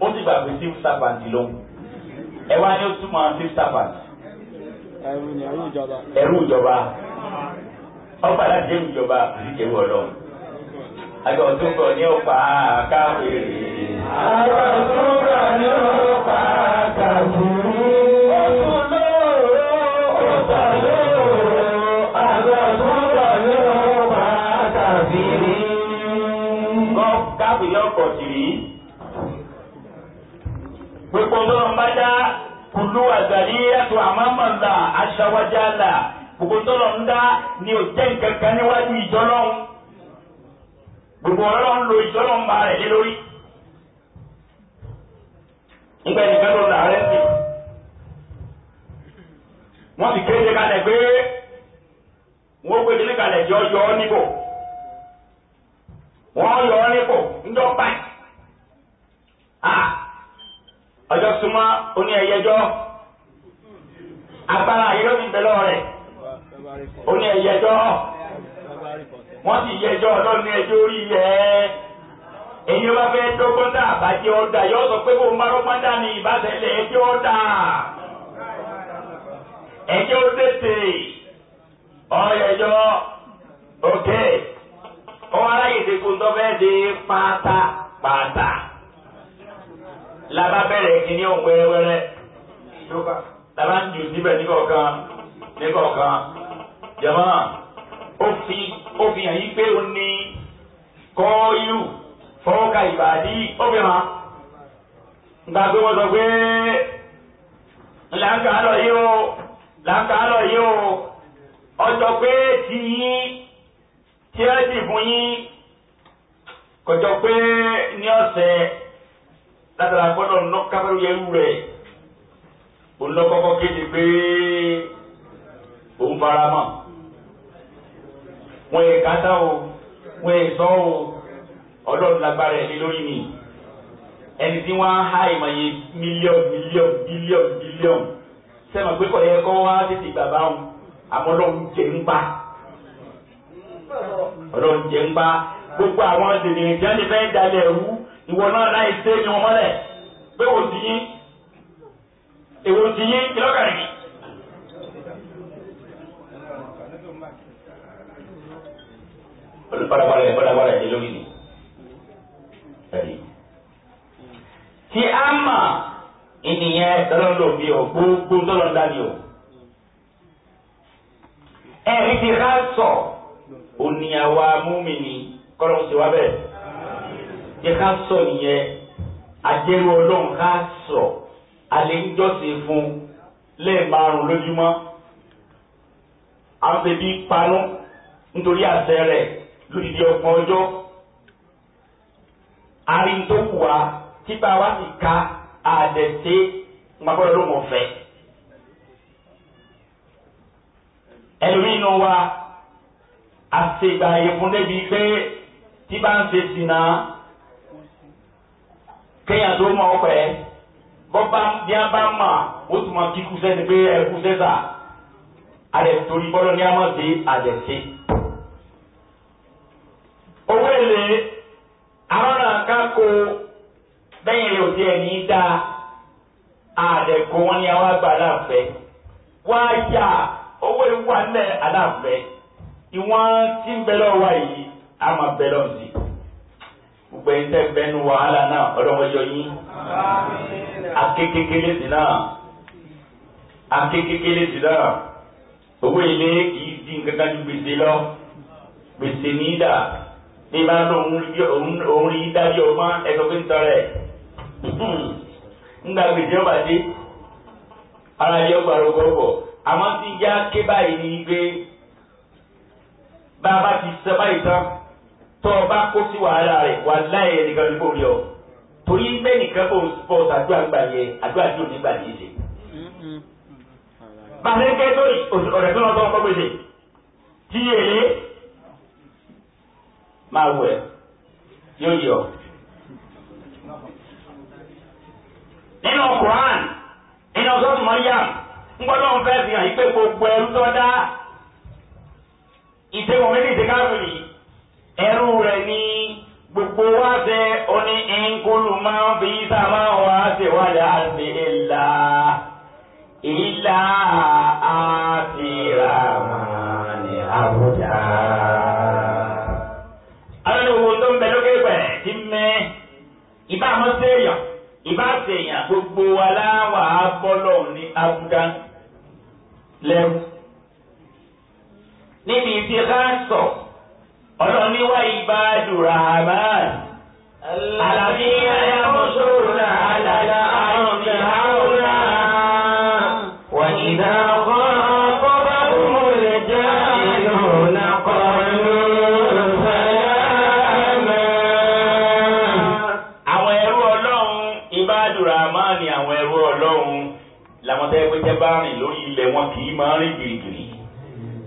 ó sì gbàgbé sí servant lóhùn ẹ wá ní ó túmọ̀ sí servant ẹrú ìjọba ọgbà láti ẹrú ìjọba àti ìjẹrú ọlọ́run àjọ tó bọ ní ọpa káwé. àjọ tó bọ ní ọpa káwé. Káàbù yọ ọkọ̀ sí rí. Gbogbo ọlọ́run bá dá kulu azaliyatu ya Allah ama wa a gbogbo tọ́lọ̀ ń ni o jẹ́ nǹkan níwájú ìjọlọ́hún gbogbo ọlọ́run lo ìjọlọ́hún bá rẹ̀ lé lórí. nígbà ìgbà tó nà rẹ̀ sí wọ́n ti kéde kalẹ̀ pé wọ́n yọ níbò yọ níbò báyìí. ọjọ́ súnmọ́ oní ẹ̀yẹjọ́ agbára ayélujára mi bẹ̀ lọ́wọ́ rẹ̀ oní ẹ̀yẹjọ́ wọ́n ti yẹjọ́ ọlọ́run ẹjọ́ orí yẹ èyí wá fẹ́ dọ́gbọ́n dà bàjẹ́ ọ̀dà yọ sọ pé kó ń bá rọ́gbọ́n dà ní ìbátẹ́lẹ̀ ẹjọ́ ọ̀dà ẹjọ́ tètè ọ̀yẹ̀jọ́ òkè ọ̀hún aláyèdè kò ń tọ́ fẹ́ di pátá laba bẹ̀rẹ̀ kìíní ọ̀wẹ́rẹ́wẹ́rẹ́ laba ń jù síbẹ̀ ní kọ̀ọ̀kan ní kọ̀ọ̀kan jama ó fi ó fi hàn yí pé ó ní kọ́ọ́yù fọ́ọ́kà ìbàdí ó fi hàn nígbà pé wọ́n sọ pé làǹkà lọ yìí o làǹkà lọ yìí o ọjọ́ pé ti yín tí ẹ dì fún yín kọjọ pé ní ọ̀sẹ̀ látara gbọ́dọ̀ nọ kábàrú yẹn rẹ̀ òun lọ kọ́kọ́ kéde pé òun fara mọ́ wọn yẹ kátà o wọn yẹ sọ o ọlọ́run lágbára ẹni lórí mi ẹni tí wọ́n á há ìmọ̀ yẹn mílíọ̀nù mílíọ̀nù bílíọ̀nù bílíọ̀nù sẹ́mi pé kọ̀ yẹ kọ́ wá tètè bàbá òun àmọ́ ọlọ́run jẹ ń pa ọlọ́run jẹ ń pa gbogbo àwọn dèrè ìjọ́ni fẹ́ dalẹ̀ wú ìwọ náà láì sé ni wọn mọ́lẹ̀ pé wò ti yín èwo ti yín kílọ́kàrì yìí. olùpadàbọ̀lẹ̀ rẹ̀ bọ́dàbọ̀lẹ̀ rẹ̀ lórí ni. ti a mà ènìyàn lọ́lọ́ bí o gbogbo lọ́lọ́ dá ni o. ẹ̀rí ti ká sọ òní àwa múmi ni kọ́lọ́hún ti wá bẹ́ẹ̀ jẹ́ ká sọ nìyẹn àjẹrú ọlọ́run ká sọ alẹ́ ń jọ́sìn fún lẹ́ẹ̀márùn lójúmọ́ àwọn bèbí panú nítorí àṣẹ rẹ̀ lódìdí ọgbọ̀n ọjọ́ àárín tó kù wá títa wá sì ka àdẹ̀tẹ́ gbàgbọ́dọ̀ ló wọ̀n fẹ́. ẹlòmíín nù wa àṣegbà ìfúnlẹ́bí pé tí bá ń ṣe sí náà kéèyàn tó mọ̀ ọ́pẹ́ bọ́bá bí a bá mà ó sì mọ kíkú sẹ́ni pé ẹkú sẹ́sà àdẹ̀ torí bọ́lọ́ ní àmọ́ sí àdẹ̀ sí. owó èlé àwọn náà ká kó bẹ́yìn rẹ̀ òdi ẹ̀ní dá àdẹ̀ kó wọn ní àwọn àgbà aláàfẹ́ wá yà owó ìwà ńlẹ̀ aláàfẹ́ ìwọ̀n tí ń bẹ lọ́wọ́ yìí a máa bẹ lọ́wọ́ gbogbo ẹ̀yin tẹ́ bẹnu wàhálà náà ọlọmọjọ yín akékekele sí náà akékekele sí náà owó ilé kìí di nǹkan kan ju gbèsè lọ gbèsè ní ìdá ní bá lóun rí dájú ọmọ ẹsọ pé ń tọrẹ ńgbà gbèsè ọba dé ara yẹ ọgbà rògbò ọbọ àmọ́ ti yá ké báyìí ni pé bá a bá ti sọ báyìí tán tọ́ ọ bá kó sí wàhálà rẹ̀ wà láyé ẹnìkan ló bò rí ọ torí bẹ́ẹ̀ nìkan bò bò sàdúrà gbà yẹ àdúrà tí ò ní gbà yìí ṣe. bàtà ń kẹ́ lórí ọ̀rẹ́ tó lọ bọ́ ọkọ gbèsè tí èlé máa wẹ̀ yóò yọ. nínú Quran nínú sọ́ọ̀tù Maryam ń gbọ́dọ̀ ń fẹ́ fi hàn yí pé gbogbo ẹrú tó dá ìtẹ́wọ̀n méjì ti yìí ẹrú rẹ̀ ní gbogbo wa fẹ́ oní nkulu máa ń fi sàmà wá síwájú àti ìlà ìlà àti ìlànà ní àbújá. alẹ́ wo tó ń bẹ lókè pẹ̀ tí mẹ́ ìbá mọ́ sẹ́yàn ìbá sẹ́yàn gbogbo wa láwà á bọ́lọ̀ ní àbújá lẹ́rú. níbi tí ká ọlọ́run ní wá ibadu rahman alábí ayamusuna alala arọ̀bí haúnà wà ìdá ọkọ̀ bàbá lè jẹ́ àlùna kọ́ọ̀nù sàlámà. àwọn ẹrú ọlọ́run ibadu làwọn tẹ́ bá rìn lórí ilẹ̀ wọn kì í máa rìn gírígírí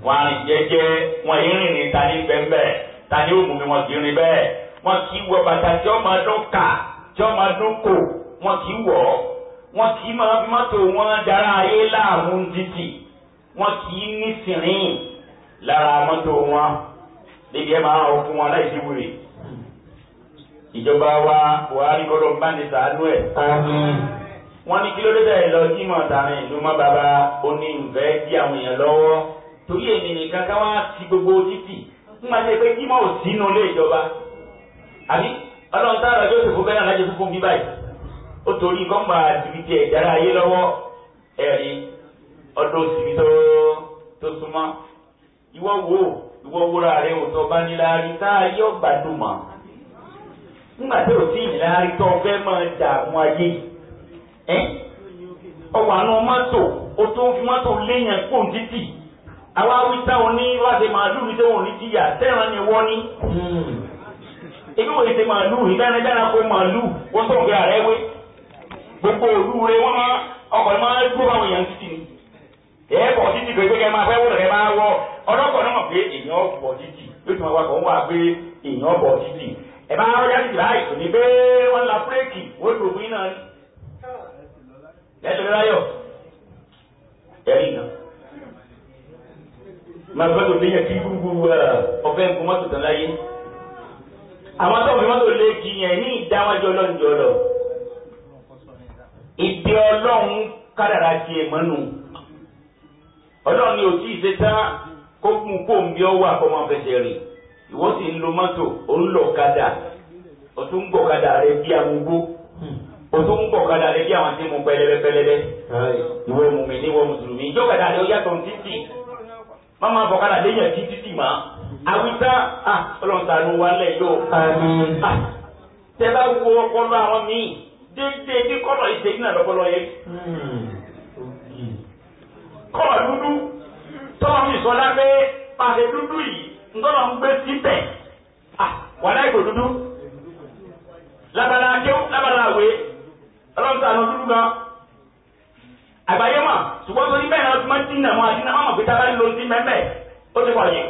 wọn àrìn jẹ́jẹ́ wọn yìí rìn ní tani bẹ́ẹ̀ tani ó mú mi wọn kì í rìn bẹ́ẹ̀ wọn kì í wọ bàtà tí ó máa dún kà tí ó máa dún kò wọn kì í wọ̀ wọn kì í máa fi mọ́tò wọn dára ayé láàmú títì wọn kì í ní sìnrìn lára mọ́tò wọn débi ẹ máa rọ fún wọn láì sí ìjọba wa buhari gbọ́dọ̀ bá ní sàánú ẹ. wọn ní kí ló dé tẹ̀ lọ jímọ̀ tààrin ìlú mọ́ bàbá ó ní ìfẹ́ dí àwọn èèyàn lọ́wọ́ torí èmi nìkan ká wá sí gbogbo títì ń máa ṣe pé kí mọ̀ sínú ilé ìjọba àbí ọlọ́run tá àrà Jósèfù bẹ́ẹ̀ alájẹ fúnfún bí báyìí ó torí gọ́mbà àdìbìtì ẹ̀dára ayé lọ́wọ́ ẹ̀rí ọdún òsìbí tó súnmọ́ ìwọ wo ìwọ wúra rẹ ò tọ́ bá ní láàrin tá a yọ gbádùn mọ́ nígbà tí ò sí ìláàrin tó fẹ́ máa dààmú ayé ọwọ́ àánú mọ́tò ó tó ń fi mọ́tò léèyàn kó títì àwa awíta wọn ní wáṣẹ màálù ní sẹ́wọ̀n ní jìyà sẹ́wọ̀n ni wọ́n ní. ebi hmm. wòye ṣe màálù ìdánadára kó màálù wọ́n sọ̀rọ̀ pé ààrẹ wé gbogbo òlu rẹ wọ́n máa ọkọ̀ máa gbó báwọn èèyàn títì ni. ẹ̀ bọ̀ títì gbẹgbẹ́ kẹ́ máa fẹ́ wò lọ́kẹ́ máa wọ ọlọ́kọ̀ náà mọ̀ pé èèyàn bọ̀ títì yóò tún wá kọ̀ ń wà pé èèyàn bọ̀ títì. ẹ̀ bá rọ́jà títì báyìí kò ní máa gbọ́dọ̀ léyàn kí gbogbo ọ̀fẹ́ nǹkan mọ́tò tán láyé. àwọn tó fi mọ́tò lé kí yẹn ní ìdáwájú ọlọ́run jọ lọ. ìdí ọlọ́run kádàrá ti ẹ̀ mọ́nu. ọlọ́run ni ò tí ì ṣe tán kó kún kó ń bí ọ wà kó máa fẹsẹ̀ rìn. ìwọ sì ń lo mọ́tò ó ń lọ kadà ó tún ń gbọ̀ kadà rẹ bí amúgbó òtún ń bọ̀ kadà rẹ bí àwọn tí mo pẹlẹbẹ pẹlẹbẹ ìwọ mùmí ní ìwọ mùsùlùmí ìjọ kadà ó yàtọ̀ ní títì má máa bọ̀ kára léyìn títí tì má àwùjá ah, ọlọ́run ta ló wà lẹ̀ yóò. Ah, tẹ bá wo ọpọlọ àwọn míì déédéé bí kọ́lọ̀ ìṣèlú náà lọ́pọlọ yẹn. kọ́lọ̀ dúdú tọ́lọ́ mi sọ lábẹ́ pàṣẹ dúdú yìí ńtọ́lọ́ ń gbé síbẹ̀ ah, wàlá ìgò dúdú labala akéwù labala àwẹ̀ ọlọ́run ta ló dúdú gan àgbáyé mọ̀ ṣùgbọ́n torí bẹ́ẹ̀ náà máa ti nà mọ́ àti nà má mọ̀ pé tábà ń lo ti mẹ́mẹ́ ó ti pọ̀ yìí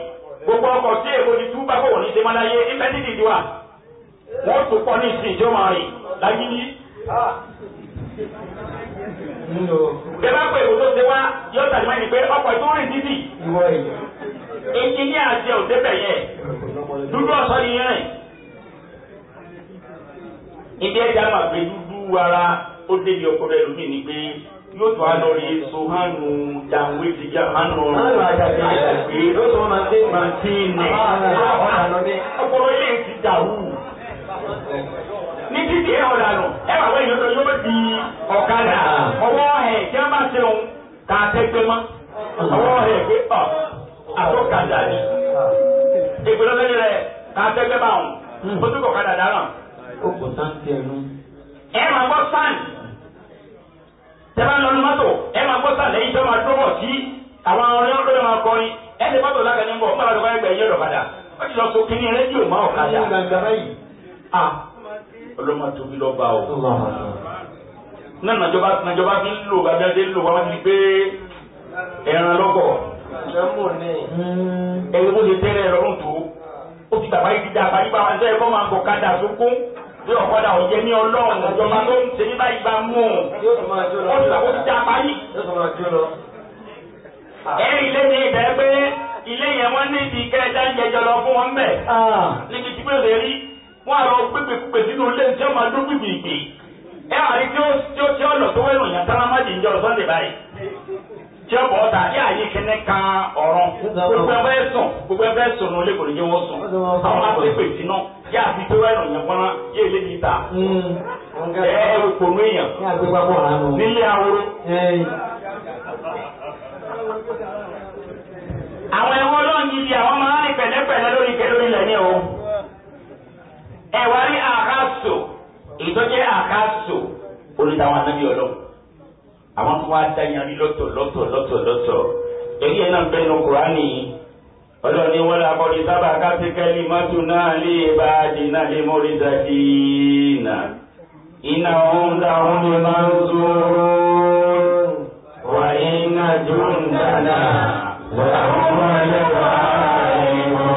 gbogbo ọkọ̀ tí èkó ti túbà kò ní ṣe mọ́láyé ìfẹ́ ní ìdí wa wọ́n tó pọ̀ ní ìsìn tí ó máa rìn lágídí. bẹ́ẹ̀ pé èkó tó ṣe wá yóò tàbí mọ́ ẹni pé ọkọ̀ tó rìn títì èyí ní àti òṣèbẹ̀ yẹn dúdú ọ̀sọ́ ni yẹn rìn ibi ẹja máa gbé dúdú ara ó débi ọkọ̀ rẹ̀ lómi n'otu tún á so ha sohanu jàǹwé ti jà hánu àjàgbé yóò tún máa ilé ti dàrú ní títí ọ̀dàlù wà wẹ́yìn yóò di ọ̀kadà ọwọ́ jẹ́ máa ṣe òun kà á tẹ́gbẹ́ mọ́ ọwọ́ ọ̀ àtọ́kadà ni rẹ̀ kà á tẹ́gbẹ́ bá òun ó tún kọ̀ ó kò tẹ́lá lọ ní mọ́tò ẹ máa gbọ́ sàlẹ̀ yìí tó máa dúró bọ̀ sí àwọn ọlọ́dọ̀ máa kọrin ẹ ti mọ́tò lákàtí ń bọ̀ ọmọ àdúgbò ẹgbẹ́ yẹn lọ́kadà ó ti lọ so kínní rédíò máa ọ̀kadà. ọlọ́mọ tóbi lọ bá o. náà nàjọba nàjọba fi ń lò lò ẹran lọ́kọ̀. ẹ̀rọ bí ọ̀pọ̀dà ọ̀jẹ̀ ní ọlọ́run ìjọba tó ń ṣe ní báyìí bá mú un ó ti sàkóso já parí. ẹ̀rí ilé ní ìbẹ̀ pé ilé yẹn wọ́n ní ibi kẹta ń jẹjọ lọ fún wọn bẹ̀ níbi tí pé rí wọn àrò pépèpè nínú ilé tí wọn máa dún gbìgbìgbì ẹ àrí tí ó tí ó tí ó lọ tó wẹ́rù yàn sára jì ń jọ sunday báyìí tí ó bọ̀ ọ́ tà yà yí kíní kan ọ̀rọ̀ gbogbo ẹgbẹ́ sùn gbogbo ẹgbẹ́ sùn ní olè yà á fi pé wẹ́ẹ̀nù yẹn pọ́nrán yé ilé yìí ta. Hmm. ẹ ẹ òpònú èèyàn. ní àgbégbá bọ̀ rà nù. nílé ahoro. àwọn ẹ̀wọ̀n náà ní ibi àwọn máa ń rìn pẹ̀lẹ́pẹ̀lẹ́ lórí kẹlórí ilẹ̀ o. ẹ̀wà rí àkàsò ìtọ́jẹ́ àkàsò olùdáwọn anábì ọlọ́ àwọn tó wá dá yanrí lọ́tọ̀ lọ́tọ̀ lọ́tọ̀ lọ́tọ̀ èyí ẹ̀ náà bẹ́ẹ̀ ní Kùránì ọlọ́ni wọ́n la kọ́ di sábà kápẹ́kẹ́lì mọ́tò náà lè bá a di náà lè mórí dàdí nà. iná òun làwọn lè máa ń zó wà iná jù ń dáná wà àwọn ọlẹ́ wà ẹ̀rọ.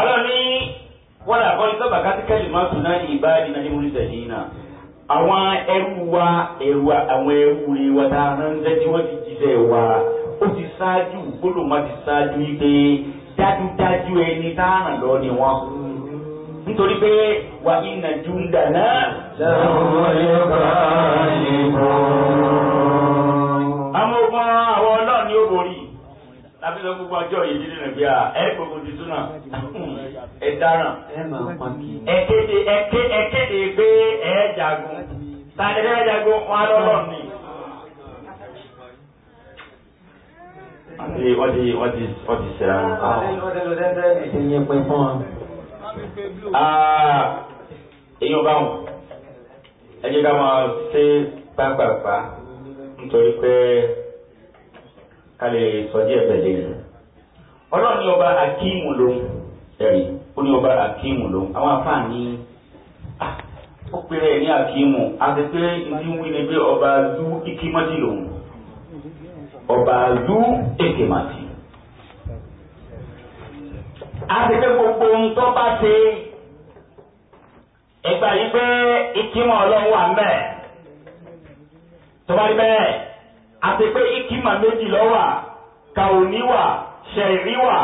ọlọ́ni wọ́n la kọ́ di sábà kápẹ́kẹ́lì mọ́tò náà lè bá a di náà lè mórí dàdí nà. àwọn ẹrú wa ẹrú àwọn ẹrú rẹ wa tá a ń dẹ́jú wọ́n ti jíṣẹ́ wa. ó ti ṣáájú gbólóhùn ti ṣáájú yìí dájúdájú ẹni tá a lọ ni wọn nítorí pé wà ní júndà ń lọ́wọ́ yóò bá a àwọn ogun àwọn ó borí gbogbo ọjọ́ yìí nínú à ẹ gbogbo ti súnà ẹ ti wọ́n ti wọ́n ti wọ́n ti ṣẹlẹ̀ wọn. ọ̀dẹ ló dẹ́ sẹ́ ẹ̀jẹ̀ ah. yẹn ah, pin fún wọn. èèyàn bá wọn ẹ jẹ́ ká máa ṣe pápápá nítorí pé ká lè sọ díẹ̀ bẹ̀lẹ̀ yìí. ọlọ́run ní ọba akíìmù lòun ẹ̀rí ó ní ọba akíìmù lòun àwọn afáàní ah, ó pèrè ní akíìmù àti pé ní wí ni pé ọba zu lòun ọba zu ekemati àtẹ̀tẹ̀ gbogbo ńtọ́ bá ṣe ẹgbà yìí pé ìkímọ̀ ọlọ́run wà mbẹ́ tọ́ba yìí bẹ́ẹ̀ àti pé ìkímọ̀ méjì lọ́wà kàòní wà ṣẹ̀rí wà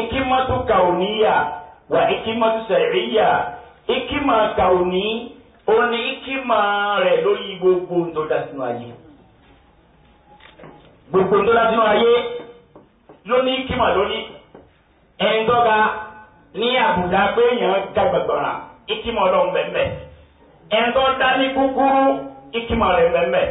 ìkímọ̀tú kàòníyà wà ìkímọ̀tú ṣẹ̀ríyà ìkímọ̀ kàòní òní ìkímọ̀ rẹ̀ lórí gbogbo ńtọ́ sínú ayé gbogbo tó lájú ayé lóní kímọ̀ lóní ẹ̀ńdọ́gà ní àbùdá pé èèyàn dàgbàgbọ̀rà ìkímọ̀ lọ́hùn bẹ̀m̀bẹ̀ ẹ̀ńdọ́ dání kúkúrú ìkímọ̀ rẹ̀ bẹ̀m̀bẹ̀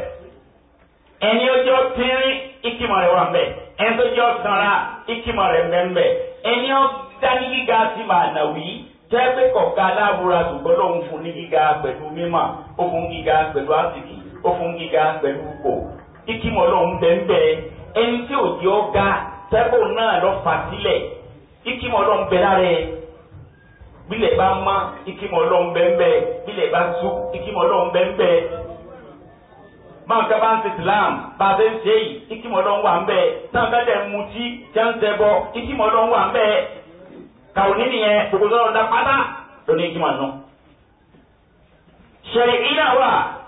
ẹni ọjọ́ tínrín ìkímọ̀ rẹ̀ wà mẹ́ ẹ̀ńdọ́ jọ sanra ìkímọ̀ rẹ̀ bẹ̀m̀bẹ̀ ẹni ọ dání gíga sí màá nà wí tẹ́gbẹ́ kọ̀ọ̀kan aláàbúra ṣùgbọ́n lóun fún ní gíga pẹ̀lú mímọ̀ ó fún gíga pẹ̀lú àsìkí ó fún gíga pẹ̀lú kíkímọ̀ lọ́hún bẹ́ẹ̀ ẹni tí ò jẹ́ ọ̀gá tẹ́bù náà lọ fà sílẹ̀ kíkímọ̀ lọ́hún bẹ́ẹ̀ lára ẹ̀ bílẹ̀ bá má kíkímọ̀ lọ́hún bẹ́ẹ̀ bílẹ̀ bá tú kíkímọ̀ lọ́hún bẹ́ẹ̀ bá ń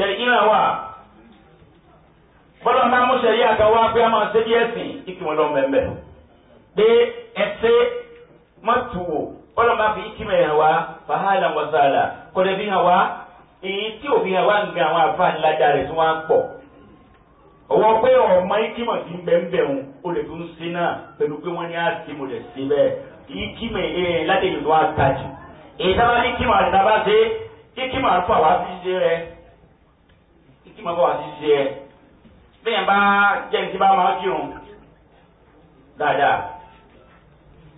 sẹ̀ríkì náà wà bọ́lá máa mú sẹ̀rí àtàwọn pé a máa ṣe bí ẹ̀sìn ìkì wọn lọ mẹ́mẹ́ pé ẹsẹ̀ má tù wò bọ́lá máa fi ìkì mẹ́rin wá fàhálà wà sàlà kọ́lẹ́ fi hàn wá èyí tí òfin hàn wá ń gan àwọn àfáà ńlá jà rẹ̀ tí wọ́n á pọ̀ ọwọ́ pé ọmọ ikímọ̀ ti ń bẹ́ẹ̀ ń o lè fi ń ṣe náà pẹ̀lú pé wọ́n ní á ti mo lè ṣe bẹ́ẹ̀ ikímọ̀ ẹ̀ ládé ìlú àtàjù èyí tábà ní kímọ̀ àti tábà ṣe ikímọ̀ àfọwọ́ àti ṣe rẹ̀ tí mo bọ̀ wá sí sí ẹ bẹ́ẹ̀ bá jẹ́ ní tí bá máa kírun dáadáa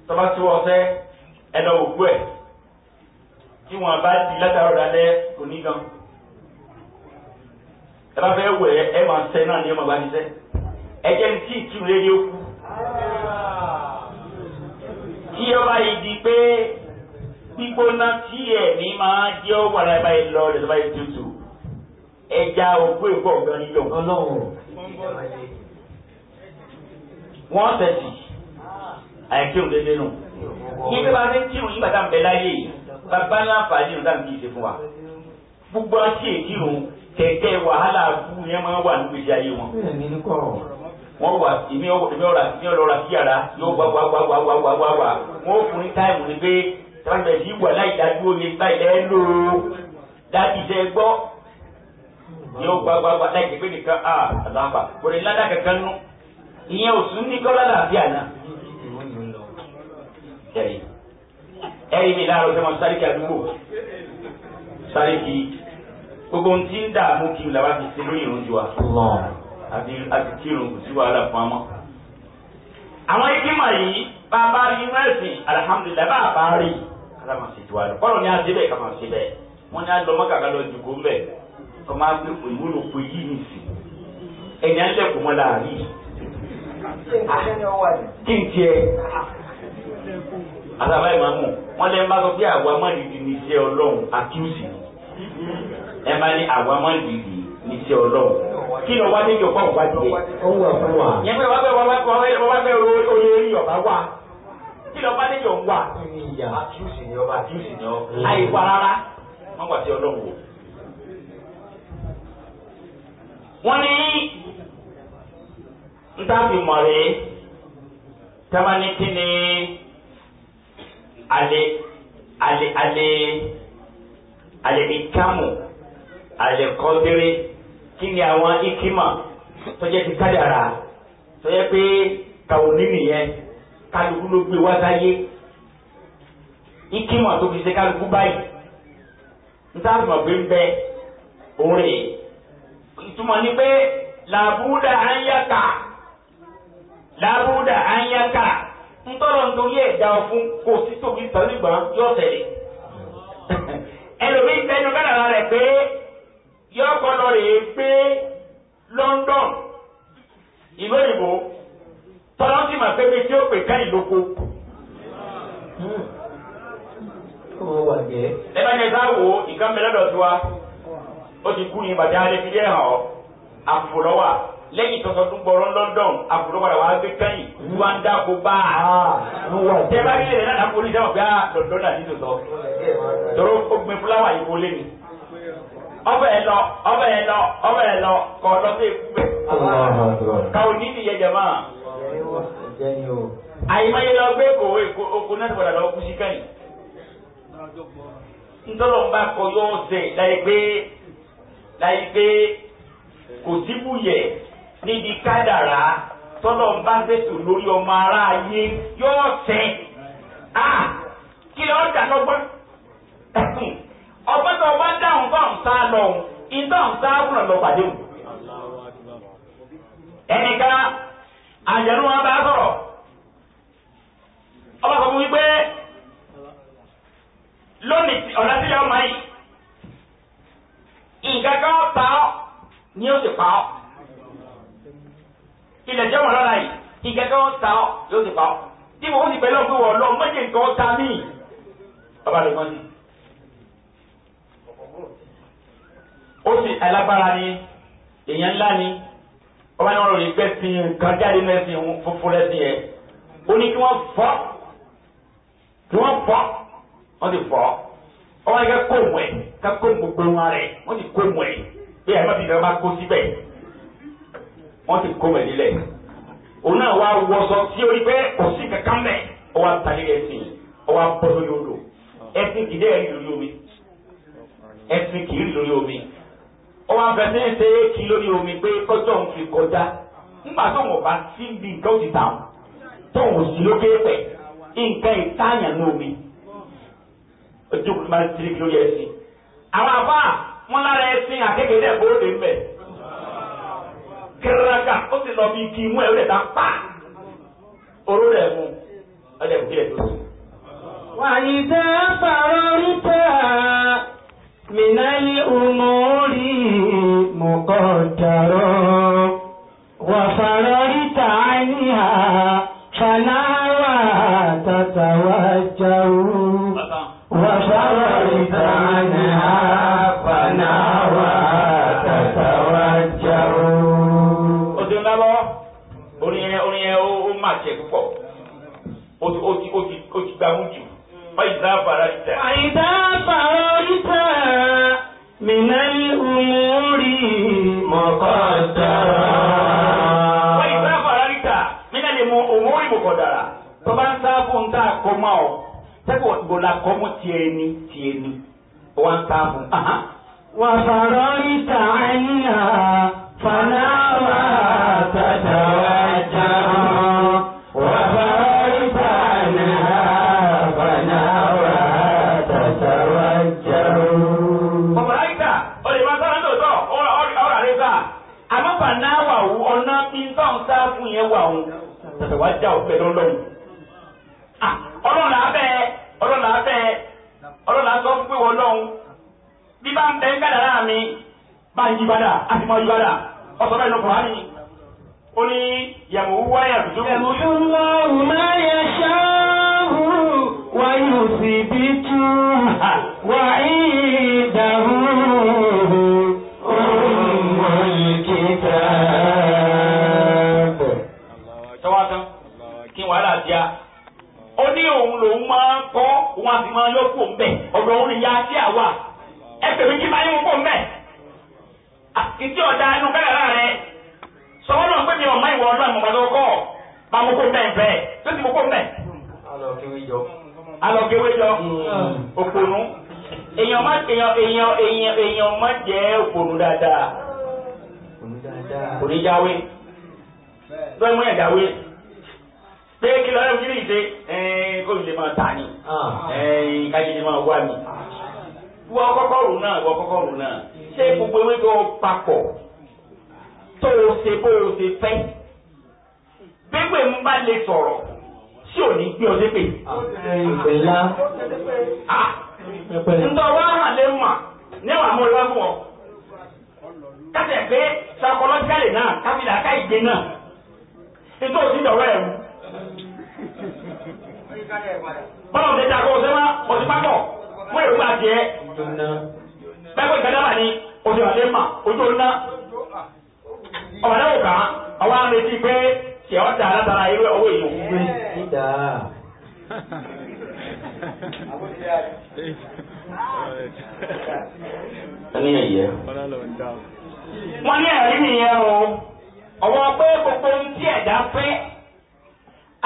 tọ́ba tí wọ́n fẹ́ ẹ lọ òkú ẹ̀ tí wọ́n bá di látàrọ̀ dalẹ́ kò ní gan ẹ bá fẹ́ wẹ̀ ẹ máa sẹ́ náà ní ẹ máa bá ní sẹ́ ẹ jẹ́ ní tí ìkírun lé ní ó kú tí ó bá yìí di pé gbígbóná tí ẹ̀mí máa jẹ́ ó wà láì lọ lẹ́sọ̀ báyìí tutù ẹja ogún èkó ọ̀gbọ́n ní jọ. ọlọ́run wọ́n tẹ̀sí àìkírun dédé nù. ní bí wàá fi ń kírun yín bàtà ń bẹ láyé yìí bàbá ńlá fàájì nù dáàbò kì í ṣe fún wa. gbogbo ọtí èkírun kẹ̀kẹ́ wàhálà bú yẹn máa wà nígbèsí ayé wọn. wọ́n wà èmi ọ̀rà èmi ọ̀rà sí yàrá yóò wá wá wá wá wá wá wá wá wọ́n fún ní táìmù ni pé táwọn ìbẹ̀sí wà láì dájú ó ní báyìí lẹ́ẹ́ lò dájú ìṣẹ́ gbọ́ yóò gbagbagba láì jẹ́ pé nìkan a àtàǹfà kò lè ládàá kankan nù ìyẹn ò sún ní kọ́lá làbíà náà. ẹ̀rí mi láàárọ̀ sẹ́wọ̀n sáré kí àdúgbò sáré kí gbogbo ohun tí ń dààmú kí làwa ti ṣe lóyìn ìrún ju wa àti àti kí irun kò sí wàhálà fún ọmọ. àwọn ìgbìmọ̀ yìí bá a bá rí inú ẹ̀sìn alihamudulilayi bá a bá rí alámàṣètò àlọ́ kọ́lọ̀ ni a ṣe bẹ́ẹ̀ kà máa ṣe bẹ́ẹ̀ wọ́n ní a lọ mọ́ kàkà lọ jù kó ń bẹ́ẹ̀ tọ́mọ agbé òyìnbó ló pe yìí nìsí ẹ̀yìn alẹ́kùn mọ́ la rí ah, kí n tiẹ̀ àtàwọn ẹ̀ máa mú wọn lẹ́ bá sọ pé àwa má dìdì ní iṣẹ́ ọlọ́run àkíyèsí ẹ bá ní àwa má dìdì ní iṣẹ́ ọlọ́run kí lọ wá dé yọ ọba tiẹ̀ yẹn pé wàá bẹ wàá bẹ wàá bẹ oyè orí ọba wa kí lọ bá dé yọ wà àkíyèsí ni ọba àkíyèsí ni ọ àìwá rárá wọn gbà sí ọlọ́run wò. wọ́n ní ntaafi mọ̀rẹ́ tamani kini ale ale ale ale ale kọ́ndéré kini àwọn ikima tọ́jà ti kádàrá tọ́jà pé kàwọn nínú yẹn kálukú ló gbé wá sáyé ikima tó fi ṣe kálukú báyìí ntaafi ìtumọ̀ ni pé làbúdà á ń yàkà làbúdà á ń yàkà ntọ́lọ̀ nítorí ẹ̀dá ọ̀fun kò sí tóbi pẹ̀lú ìgbà yóò tẹ̀lé ẹlòmíì tẹnu kádàrà rẹ̀ pé yọ gbọ́dọ̀ rè é pé London ìlú òyìnbó tọ́lọ́ sì mà pé bí tí ó pè ká ìlóko. ó wà jẹ́. ẹ bá ní ẹ bá wo ìkànnì lọ́dọ̀ tiwa ó ti kú ní bàtí alẹ́ fi yẹ hàn ọ́ àfòlọ́wà lẹ́yìn tọ́sọ tún gbọ́rọ́ London àfòlọ́wà wà á gbé kẹ́yìn wà ń dáko bá a. Ah, jẹ́ bá kílẹ̀ náà dáko oníṣẹ́ ọ̀gá lọ́dọ́ náà ní tòótọ́ tọ́rọ ó gbin fúláwà yìí wọlé mi. ọbẹ̀ ẹ lọ ọbẹ̀ ẹ lọ ọbẹ̀ ẹ lọ kọ́ ọ lọ sí ikú bẹ̀. káwọn ní ti jẹ mọ́. àyìnbáyé lọ gbé okun náà padà lọ kú sí kẹ́yìn. ntọ́lọ́ láyé pé kò sí búyẹ̀ níbi kádàrá tọ́lọ̀ bá lórí ọmọ aráyé yóò sẹ́ kí lọ́ọ́ dà lọ́gbọ́n ọgbọ́n tó ọba dáhùn bá ń sá lọ ìtọ́ ń sá wúlọ̀ lọ pàdé wù. ẹnìkan àjẹnú bá sọ̀rọ̀ ọba wípé nǹkan kan pa ọ́ ni ó sì pa ọ́ ilẹ̀ jẹ́ wọn lọ́la yìí nǹkan kan ta ọ́ yóò sì pa ọ́ tí mo sì bẹ̀rẹ̀ pé wọ́n lọ méjì nǹkan ta mí bàbá rẹ̀ mọ́ ni. ó sì alágbára ni èèyàn ńlá ni ọba náà lórí gbẹ̀sìn nǹkan jáde mẹ́sìn fúnfún lẹ́sìn yẹn ó ní kí wọ́n fọ́ kí wọ́n fọ́ wọ́n ti fọ́ ọba yẹn kẹ́ kó wẹ̀ ká kó gbogbo wọn rẹ̀ wọ́n ti kó mọ̀ ẹ̀ bí àyè má fi fẹ́ má kó síbẹ̀ wọ́n ti kó mọ̀ ẹ̀ nílẹ̀ òun náà wá wọṣọ tí orí pé kò sí kankan mẹ́ ọ wá tali rẹ̀ sí ọ wá bọ́ lórí odò ẹsìn kìí dẹ́rẹ́ lórí omi ẹsìn kìí lórí omi ọ wá bẹ sẹ́yìn ṣe lórí omi pé kọjọ́ ń fi kọjá nígbà tó wọ́n bá sí bí nǹkan ti tà tó wọ́n sì lókè pẹ̀ nǹkan ìtààyàn ní omi ojú kò máa ń tiri lórí ẹsìn àwọn àbá wọn lára ẹsìn àkékèké dẹ̀ kó lè mbẹ̀ kẹrẹrẹka ó sì lọ bí igi mú ẹ̀rọ ẹ̀dá pa oró rẹ̀ mú ọjà kò kílẹ̀ tó sùn. وإذا فرغت من الأمور مقدرا وفرغت عنها فلا فإذا فرجت فإذا فرجت من الأمور مقدرا فإذا فرجت من الأمور مقدرا tó bá ń sáàbù ń tà kó mọ́ ọ tẹ́kọ̀ gbò la kọ́ mú tiẹ̀ fana. ṣẹ̀ṣẹ̀ wá já òfin lọ́lọ́run. ọlọ́run abẹ́ ọlọ́run abẹ́ ọlọ́run pé wọ́n lọ́hùn bí bá ń bẹ ń kádàrá mi bá ń yí padà á ti mọ yí padà ọsọ bẹ́ẹ̀ ló kọ̀ wáyé ó ní yẹ̀mú wáyà tó. yẹ̀mú lọ́wọ́ máa yẹ ṣááhù wáyé òsì bí tú wà í lòun máa ń kọ́ wọn àti máa yọ kó mbẹ ọ̀dọ̀ òun nìyá sí àwa ẹ pèmí kí máa yọ kó mbẹ. àtìtí ọ̀dà inú kádàrá rẹ sọ́wọ́n náà pé mi ò má ìwọ ọ̀dọ́ àmọ̀ pàtó kọ́ máa mú kó mbẹ mbẹ tó ti mú kó mbẹ. alọ́kẹ́wé jọ òpònú èèyàn má èèyàn èèyàn èèyàn má jẹ́ òpònú dáadáa òní jáwé lọ́ọ́ jáwé pé kí lọ́yọ̀ kí ni ìṣe kó lè máa tà ní káyé lè máa wá ní. wọ́n kọ́kọ́ rù náà wọ́n kọ́kọ́ rù náà ṣé gbogbo ewé tó papọ̀ tó o ṣe bó o ṣe fẹ́ gbégbé ń bá lè sọ̀rọ̀ tí ò ní gbé ọ dépè. ìgbéla. Ah. ǹtọ́ wá hàn lè mà níwọ̀n àmọ́ ìwà fún ọ. kásẹ̀ pé sakọlọ́tíkàlì náà káfíńdà ká ìgbé náà ètò òsì dọ̀rọ̀ ẹ̀rù bọ́lá òde ta kó o sẹ́wá pápọ̀ wọ́n èrò bá jẹ́ bẹ́ẹ̀ kó ìtajà wà ní mà ojú ọ̀nà ọ̀rẹ́ òkà àwọn amẹ́tí pé kì ọ́ da alátara irú ọwọ́ èèyàn. Ani ẹ̀yẹ. Wọ́n ní ẹ̀rí nìyẹn o, ọ̀wọ́ pé gbogbo ohun tí ẹ̀dá fẹ́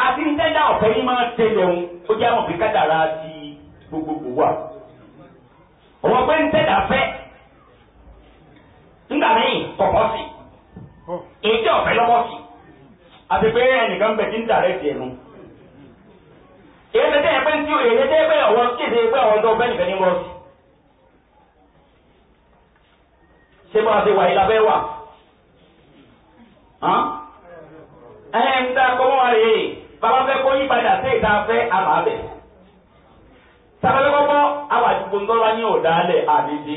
àti ntẹ́jà ọ̀fẹ́ yìí máa tẹ̀lé òun ó jẹ́ àwọn òfin kádàrá ti gbogbogbò wà. ọ̀wọ́ pé ntẹ́jà fẹ́ nígbà míì kọ̀kọ́ sí èyí ọ̀fẹ́ lọ́kọ́ sí àti pé ẹnìkan bẹ ti ń dàrẹ́ tiẹ̀ nu. èyí tẹ́tẹ́ yẹn pé ntí o èyí tẹ́tẹ́ pé ọ̀wọ́ kéde pé ọ̀wọ́ tó bẹ́ẹ̀ nìkan ní wọ́n sí. ṣé bá a ti wà yìí labẹ́ wà? ẹ̀ẹ́n dá kọ́mọ́ rèé. bàbá fẹ́ kó yípadà sí ìta fẹ́ àbàbẹ̀ sábẹ́lẹ́kọ́kọ́ àwọn àdúgbò ńlọ́wọ́ ní ọ̀dàlẹ̀ àdédé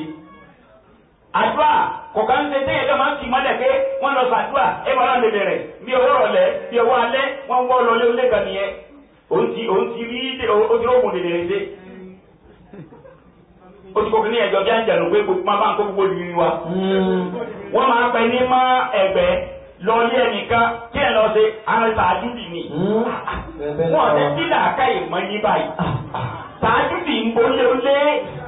àdúrà kọ̀ọ̀ká ń ṣe déyẹ̀ lọ́mọ ti mọ́lẹ̀ pé wọ́n lọ sàdúrà ẹ bọ́lá lè bẹ̀rẹ̀ bí owó rọ̀lẹ́ bí owó O wọ́n lé o ti òun ti rí ojú òògùn lè lè ṣe oṣù lọ lé ẹnìkan kí ẹ lọ ṣe àtàjúdì ni. Hmm. wọ́n ti sílẹ̀ àká ìmọ̀ ní báyìí. Ah, ah. tàjúdì ń bolé lé